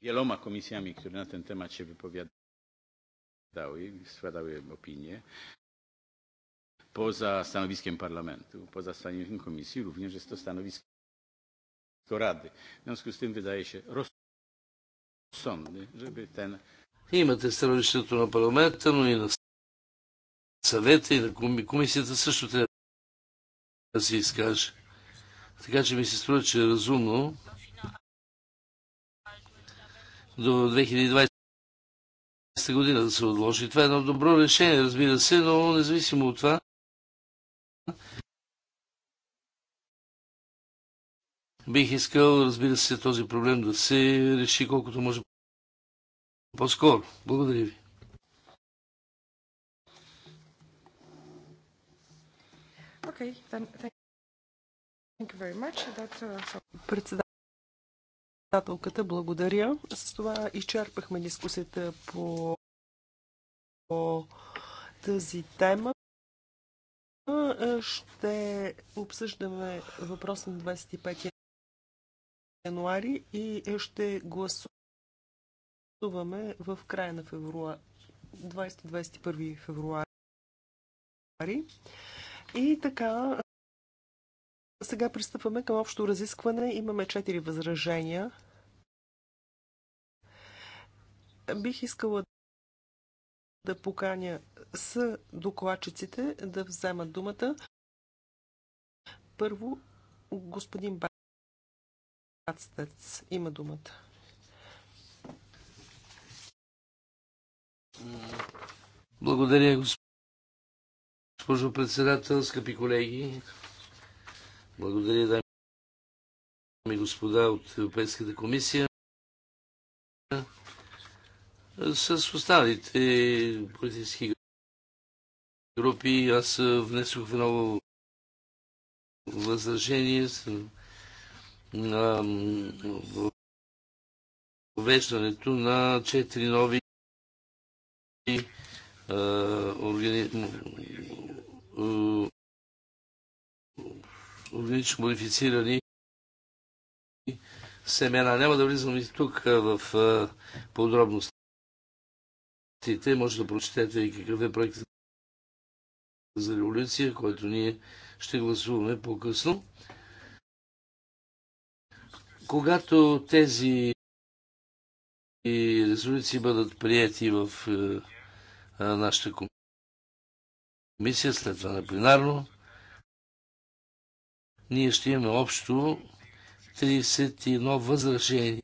Wieloma komisjami, które na ten temat się wypowiadały, składały opinie, poza stanowiskiem parlamentu, poza stanowiskiem komisji, również jest to stanowisko Rady. W związku z tym wydaje się rozsądny, żeby ten... Имате становището на na parlamentu, no i na и i na komisji, to też tutaj изкаже. Така че ми се струва, че е разумно до 2020 година да се отложи. Това е едно добро решение, разбира се, но независимо от това, бих искал, разбира се, този проблем да се реши колкото може по-скоро. Благодаря ви. Okay, then, Uh, Председателката, благодаря. С това изчерпахме дискусията по, по тази тема. Ще обсъждаме въпрос на 25 януари и ще гласуваме в края на февруари, 20-21 февруари. И така, сега пристъпваме към общо разискване. Имаме четири възражения. Бих искала да поканя с докладчиците да вземат думата. Първо, господин Бацтец има думата. Благодаря, госпожо председател, скъпи колеги. Благодаря, дами и господа от Европейската комисия. С останалите политически групи аз внесох ново възражение на въвеждането на четири нови органи генетично модифицирани семена. Няма да влизам и тук в подробностите. Може да прочетете и какъв е проект за революция, който ние ще гласуваме по-късно. Когато тези резолюции бъдат прияти в нашата комисия, след това на пленарно, ние ще имаме общо 31 възражения,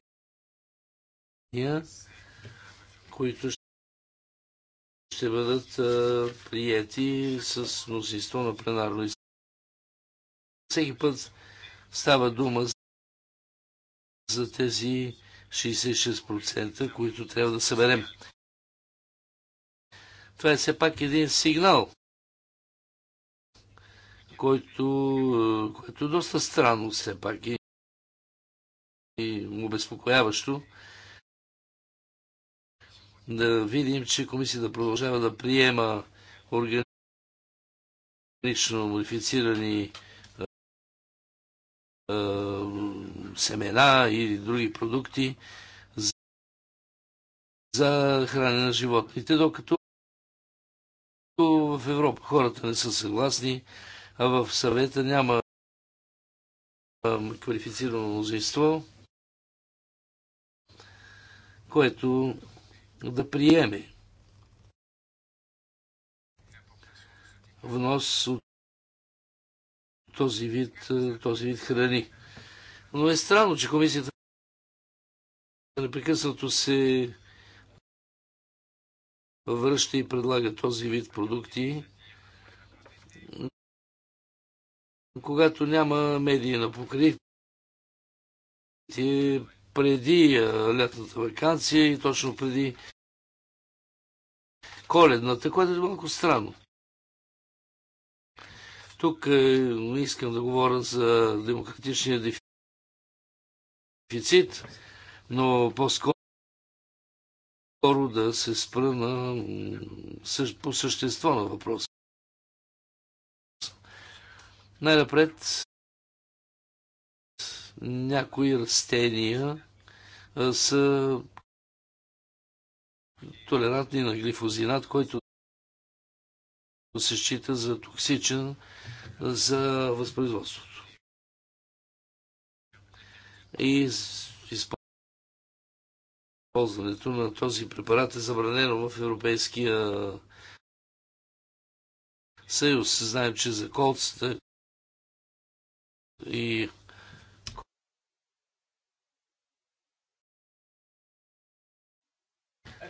които ще бъдат приети прияти с мнозинство на пленарно. Всеки път става дума за тези 66%, които трябва да съберем. Това е все пак един сигнал който, е, което е доста странно все пак и, и обезпокояващо да видим, че комисията продължава да приема органично модифицирани а, е, а, семена или други продукти за, за хранене на животните, докато в Европа хората не са съгласни а в съвета няма квалифицирано мнозинство, което да приеме внос от този вид, този вид храни. Но е странно, че комисията непрекъснато се връща и предлага този вид продукти, когато няма медии на покритие преди лятната вакансия и точно преди коледната, което е малко странно. Тук не искам да говоря за демократичния дефицит, но по-скоро да се спра на, по същество на въпроса. Най-напред някои растения са толерантни на глифозинат, който се счита за токсичен за възпроизводството. И използването на този препарат е забранено в Европейския съюз. Знаем, че за колцата, и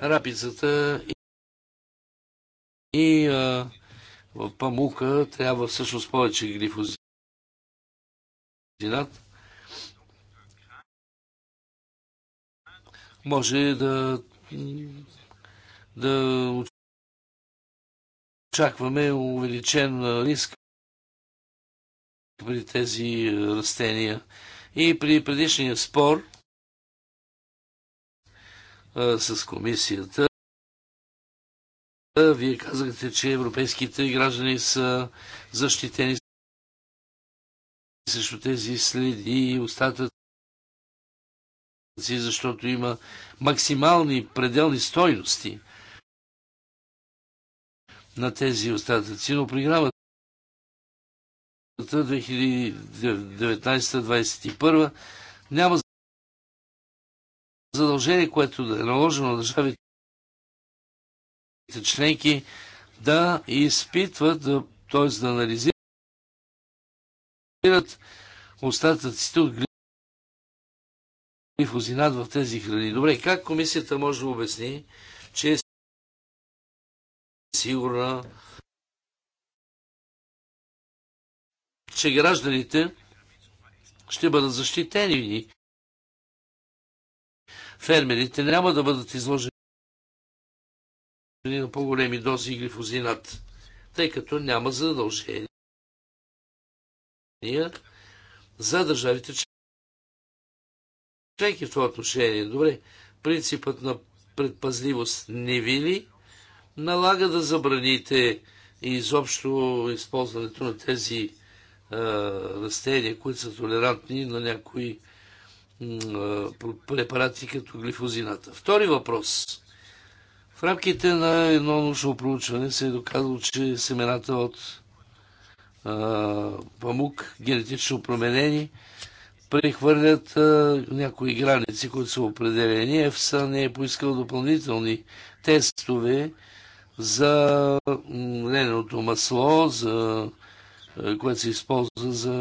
рапицата и а, в памука трябва всъщност повече глифозинат. Може да, да очакваме увеличен риск при тези е, растения. И при предишния спор а, е, с комисията, вие казахте, че европейските граждани са защитени срещу тези следи и остатъци, защото има максимални пределни стойности на тези остатъци, но програмата 2019-2021 няма задължение, което да е наложено на държавите членки да изпитват, да, т.е. да анализират остатъците от глифозинат в тези храни. Добре, как комисията може да обясни, че е сигурна, че гражданите ще бъдат защитени. Фермерите няма да бъдат изложени на по-големи дози глифозинат, тъй като няма задължения за държавите членки в това отношение. Добре, принципът на предпазливост не ви ли налага да забраните изобщо използването на тези растения, които са толерантни на някои препарати като глифозината. Втори въпрос. В рамките на едно научно проучване се е доказало, че семената от а, памук, генетично променени, прехвърлят а, някои граници, които са определени. ЕФСА не е поискал допълнителни тестове за леното масло, за е, което се използва за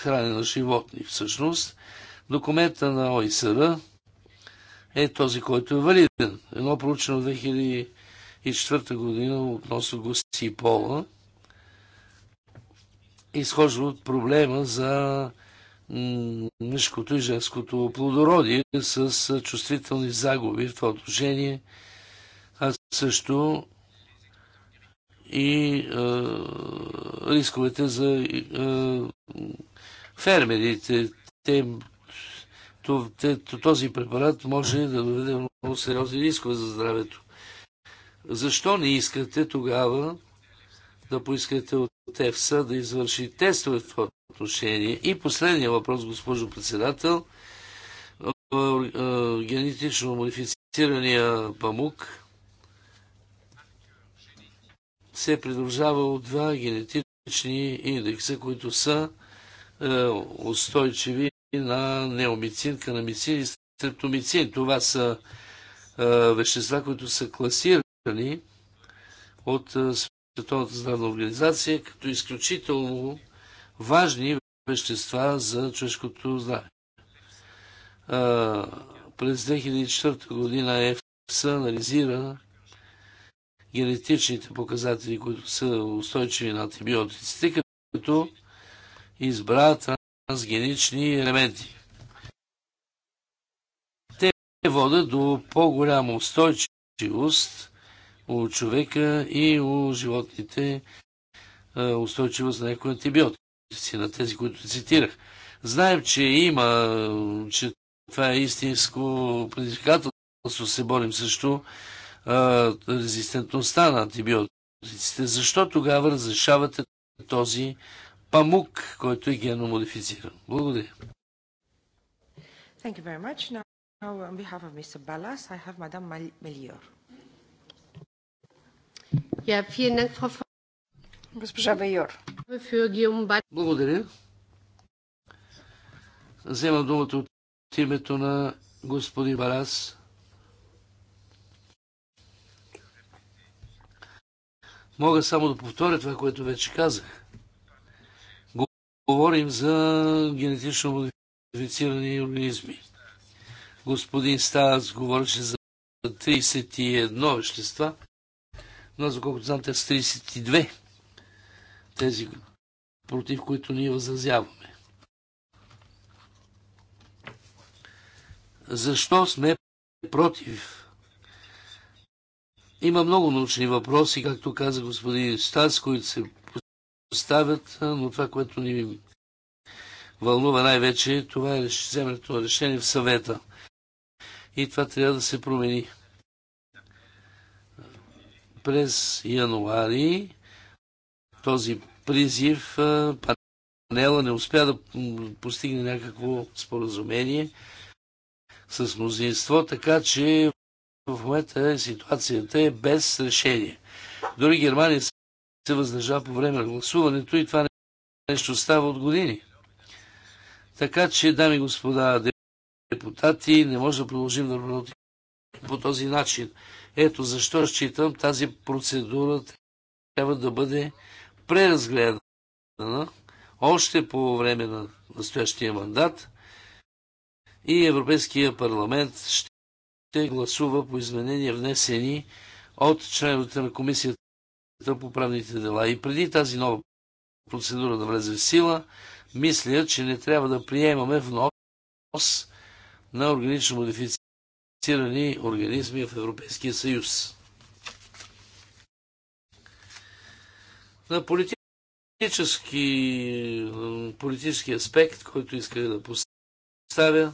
хранене на животни всъщност. Документа на ОИСР е този, който е валиден. Едно проучено в 2004 година относно гости и пола изхожда от проблема за мъжкото и женското плодородие с чувствителни загуби в това отношение, а също и рисковете за е, фермерите. Те, този препарат може да доведе много сериозни рискове за здравето. Защо не искате тогава да поискате от ЕФСА да извърши тестове в това отношение? И последния въпрос, госпожо председател. Генетично модифицирания памук се придружава от два генетични индекса, които са е, устойчиви на неомицин, канамицин и стрептомицин. Това са е, вещества, които са класирани от е, Световната здравна организация като изключително важни вещества за човешкото здраве. През 2004 година ЕФСА анализира генетичните показатели, които са устойчиви на антибиотиците, като избра трансгенични елементи. Те водят до по-голяма устойчивост у човека и у животните устойчивост на някои антибиотици, на тези, които цитирах. Знаем, че има, че това е истинско предизвикателство, се борим също резистентността на антибиотиците, защо тогава разрешавате този памук, който е генно модифициран? Благодаря. Thank you very much. Now, on behalf of Mr. Ballas, I have Madame Melior. Ja, vielen Dank, Frau Госпожа Байор. Благодаря. Взема думата от името на господин Балас Мога само да повторя това, което вече казах. Говорим за генетично модифицирани организми. Господин Стас говореше за 31 вещества, но за колкото знам, те са 32. Тези, против които ние възразяваме. Защо сме против има много научни въпроси, както каза господин Стас, които се поставят, но това, което ни вълнува най-вече, това е вземането на решение в съвета. И това трябва да се промени. През януари този призив панела не успя да постигне някакво споразумение с мнозинство, така че в момента ситуацията е без решение. Дори Германия се въздържа по време на гласуването и това нещо става от години. Така че, дами и господа депутати, не може да продължим да работим по този начин. Ето защо считам тази процедура трябва да бъде преразгледана още по време на настоящия мандат и Европейския парламент ще ще гласува по изменения внесени от членовете на комисията по правните дела. И преди тази нова процедура да влезе в сила, мисля, че не трябва да приемаме внос на органично модифицирани организми в Европейския съюз. На политически, политически аспект, който исках да поставя,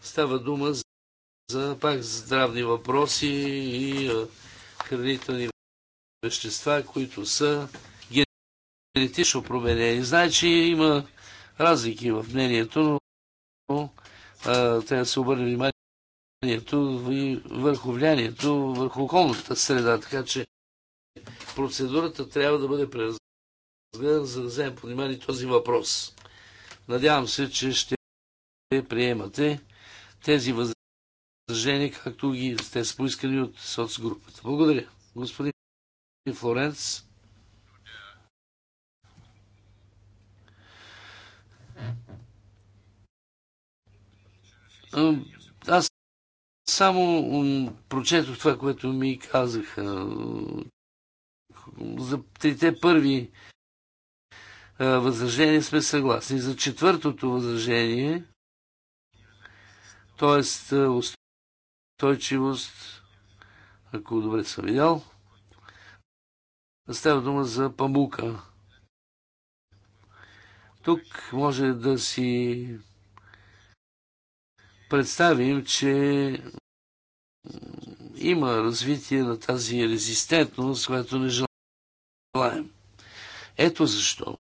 става дума за пак здравни въпроси и хранителни вещества, които са генетично променени. Значи има разлики в мнението, но трябва да се обърне вниманието и върху влиянието върху околната среда. Така че процедурата трябва да бъде преразгледана, за да вземем под внимание този въпрос. Надявам се, че ще приемате тези възможности съжаление, както ги сте поискали от соцгрупата. Благодаря. Господин Флоренц. Аз само прочетох това, което ми казаха за трите първи възражения сме съгласни. За четвъртото възражение, т.е устойчивост, ако добре съм видял. Става дума за памука. Тук може да си представим, че има развитие на тази резистентност, която не желаем. Ето защо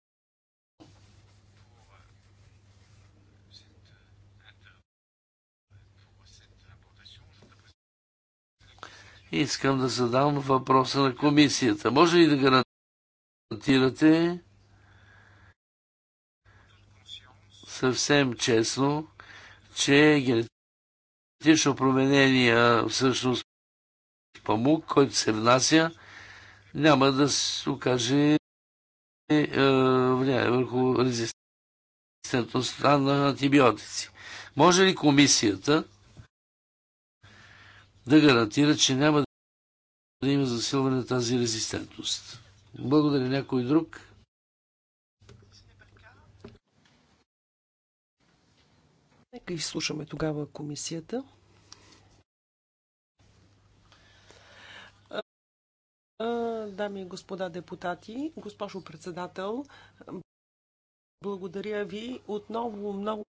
Искам да задам въпроса на комисията. Може ли да гарантирате съвсем честно, че генетично променения всъщност памук, който се внася, няма да се окаже е, влияние върху резистентността на антибиотици. Може ли комисията да гарантира, че няма да има засилване на тази резистентност. Благодаря някой друг. Нека изслушаме тогава комисията. Дами и господа депутати, госпожо председател, благодаря ви. Отново много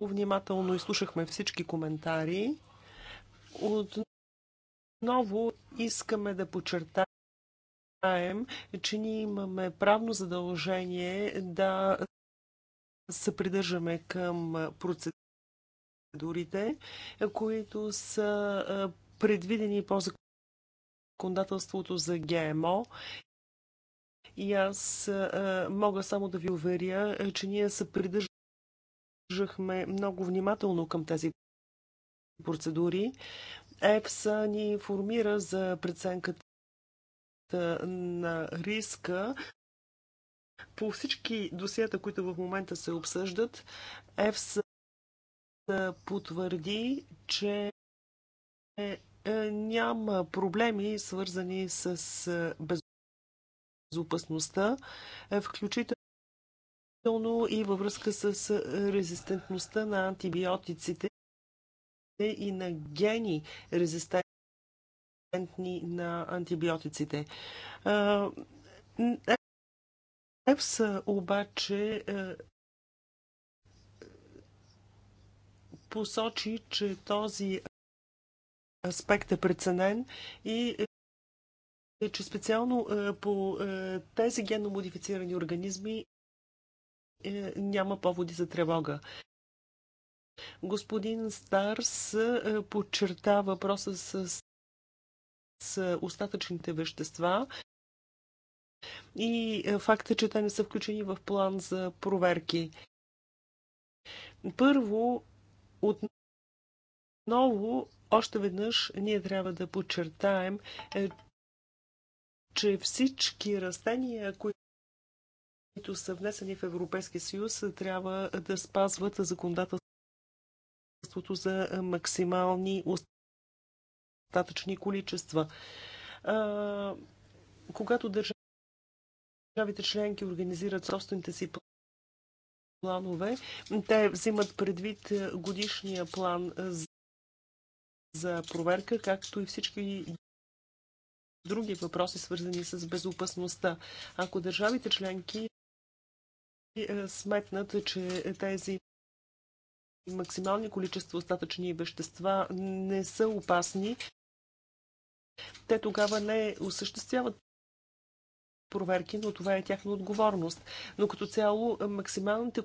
внимателно изслушахме всички коментари. Отново искаме да подчертаем, че ние имаме правно задължение да се придържаме към процедурите, които са предвидени по законодателството за ГМО и аз мога само да ви уверя, че ние се придържахме много внимателно към тези процедури. ЕФСА ни информира за преценката на риска по всички досията, които в момента се обсъждат. ЕПСА потвърди, че е, е, няма проблеми, свързани с е, безопасността, включително и във връзка с резистентността на антибиотиците е и на гени резистентни на антибиотиците. Епса обаче посочи, че този аспект е преценен и е, че специално е, по тези генно модифицирани организми няма поводи за тревога. Господин Старс е, подчерта въпроса с, с остатъчните вещества и е, факта, че те не са включени в план за проверки. Първо, отново, още веднъж ние трябва да подчертаем, е, че всички растения, които са внесени в Европейския съюз, трябва да спазват законодателството средството за максимални остатъчни количества. А, когато държавите членки организират собствените си планове, те взимат предвид годишния план за проверка, както и всички други въпроси, свързани с безопасността. Ако държавите членки сметнат, че тези максимални количества остатъчни вещества не са опасни, те тогава не осъществяват проверки, но това е тяхна отговорност. Но като цяло максималните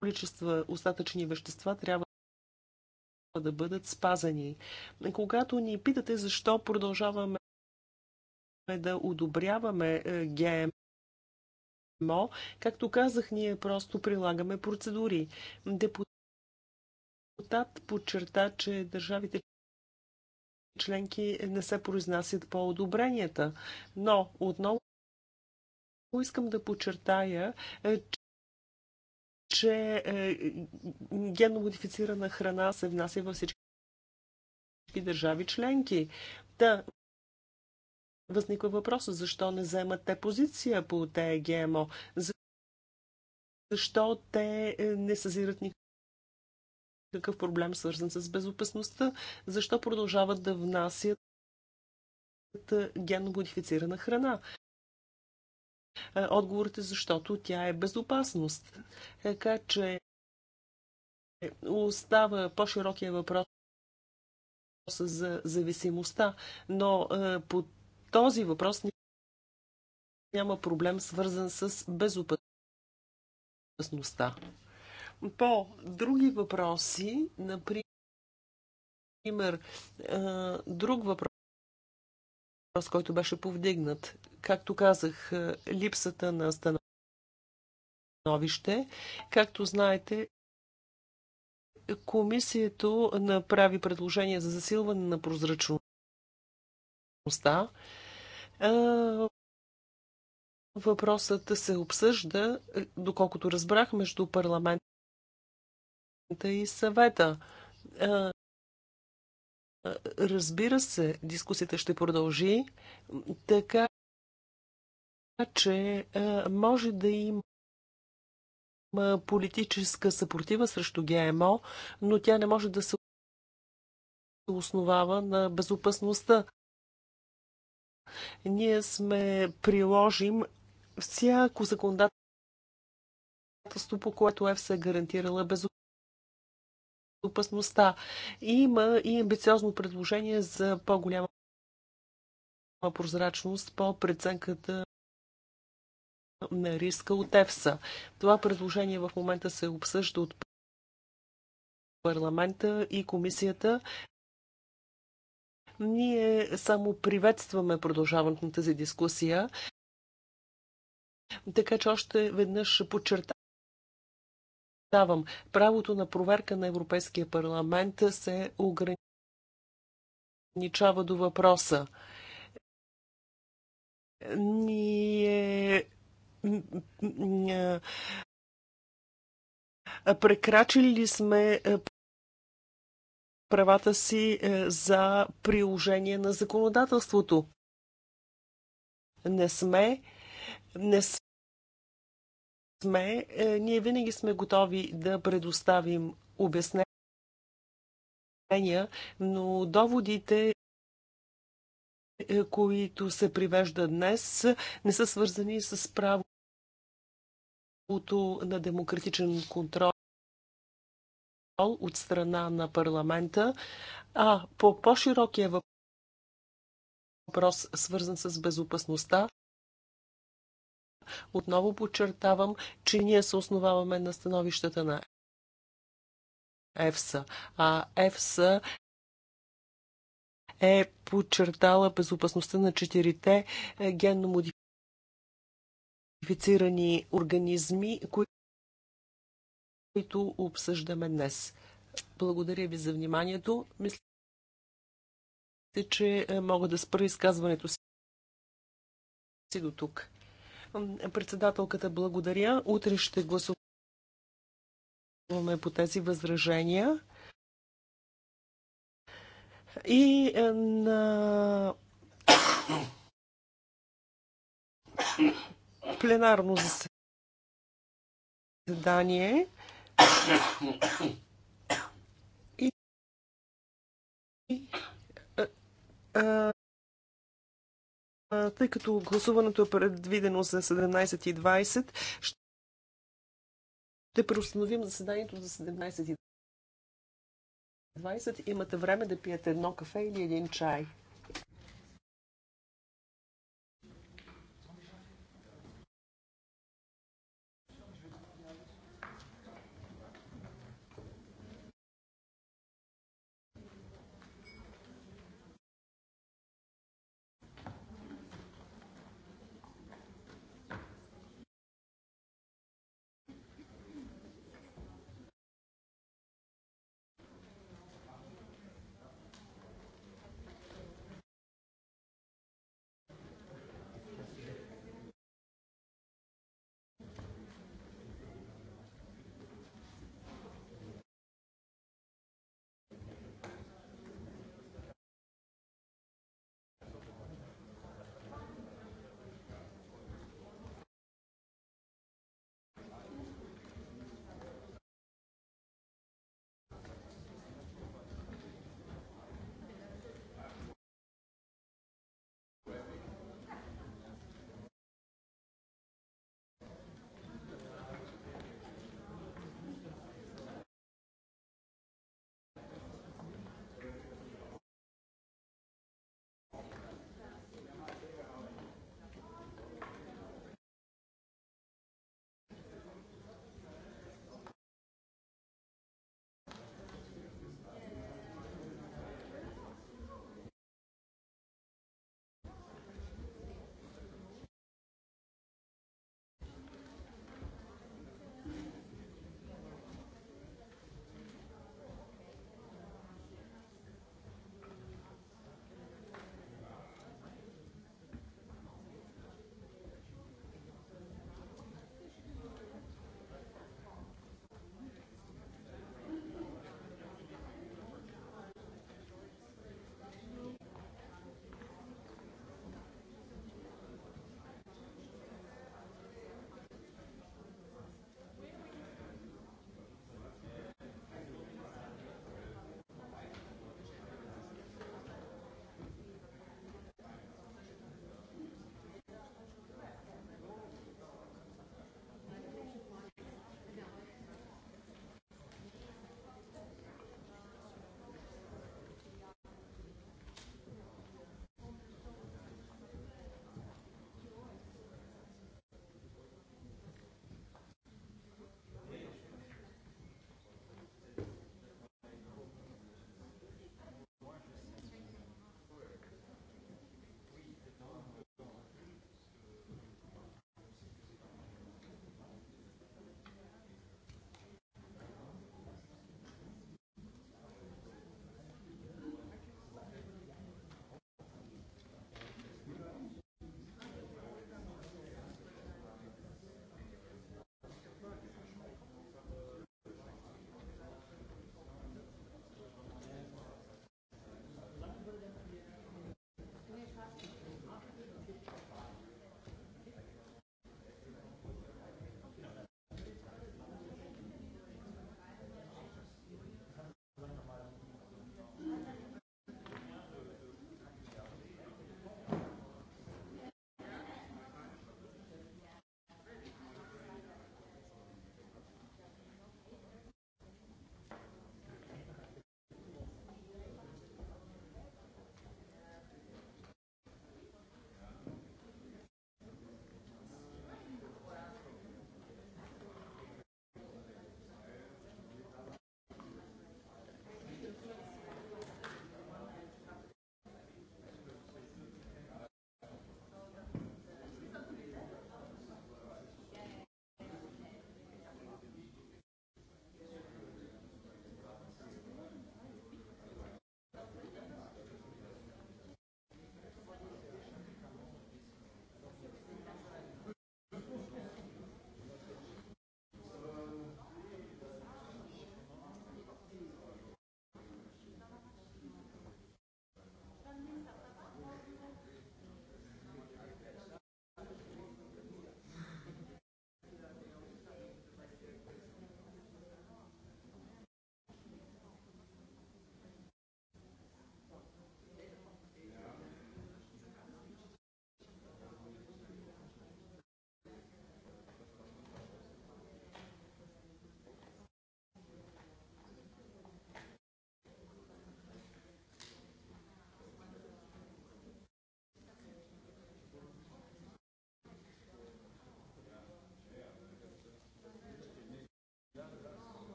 количества остатъчни вещества трябва да бъдат спазани. Когато ни питате защо продължаваме да одобряваме е, ГМ, но, Както казах, ние просто прилагаме процедури. Депутат подчерта, че държавите членки не се произнасят по одобренията, но отново искам да подчертая, е, че е, генно модифицирана храна се внася във всички държави членки. Та, да, възниква въпроса, защо не вземат те позиция по те ГМО? Защо те е, не съзират никакъв проблем, свързан с безопасността? Защо продължават да внасят е, генно модифицирана храна? Е, отговорът е защото тя е безопасност. Така че остава по-широкия въпрос за зависимостта, но по този въпрос няма проблем свързан с безопасността. По други въпроси, например, друг въпрос, който беше повдигнат, както казах, липсата на становище, както знаете, комисията направи предложение за засилване на прозрачността. Въпросът се обсъжда, доколкото разбрах, между парламента и съвета. Разбира се, дискусията ще продължи, така че може да има политическа съпротива срещу ГМО, но тя не може да се основава на безопасността. Ние сме приложим всяко законодателство, по което ЕФСА е гарантирала безопасност безопасността. Има и амбициозно предложение за по-голяма прозрачност по преценката на риска от ЕФСА. Това предложение в момента се обсъжда от парламента и комисията. Ние само приветстваме продължаването на тази дискусия. Така че още веднъж подчертавам, правото на проверка на Европейския парламент се ограничава до въпроса. Ние прекрачили ли сме правата си е, за приложение на законодателството. Не сме, не сме, е, ние винаги сме готови да предоставим обяснения, но доводите, е, които се привежда днес, не са свързани с правото на демократичен контрол контрол от страна на парламента. А по по-широкия въпрос, свързан с безопасността, отново подчертавам, че ние се основаваме на становищата на ЕФСА. А ЕФСА е подчертала безопасността на четирите е, генно модифицирани организми, които които обсъждаме днес. Благодаря ви за вниманието. Мисля, че е, мога да спра изказването си до тук. Председателката благодаря. Утре ще гласуваме по тези възражения. И е, на пленарно заседание и, тъй като гласуването е предвидено за 17.20, ще преустановим заседанието за 17.20. Имате време да пиете едно кафе или един чай.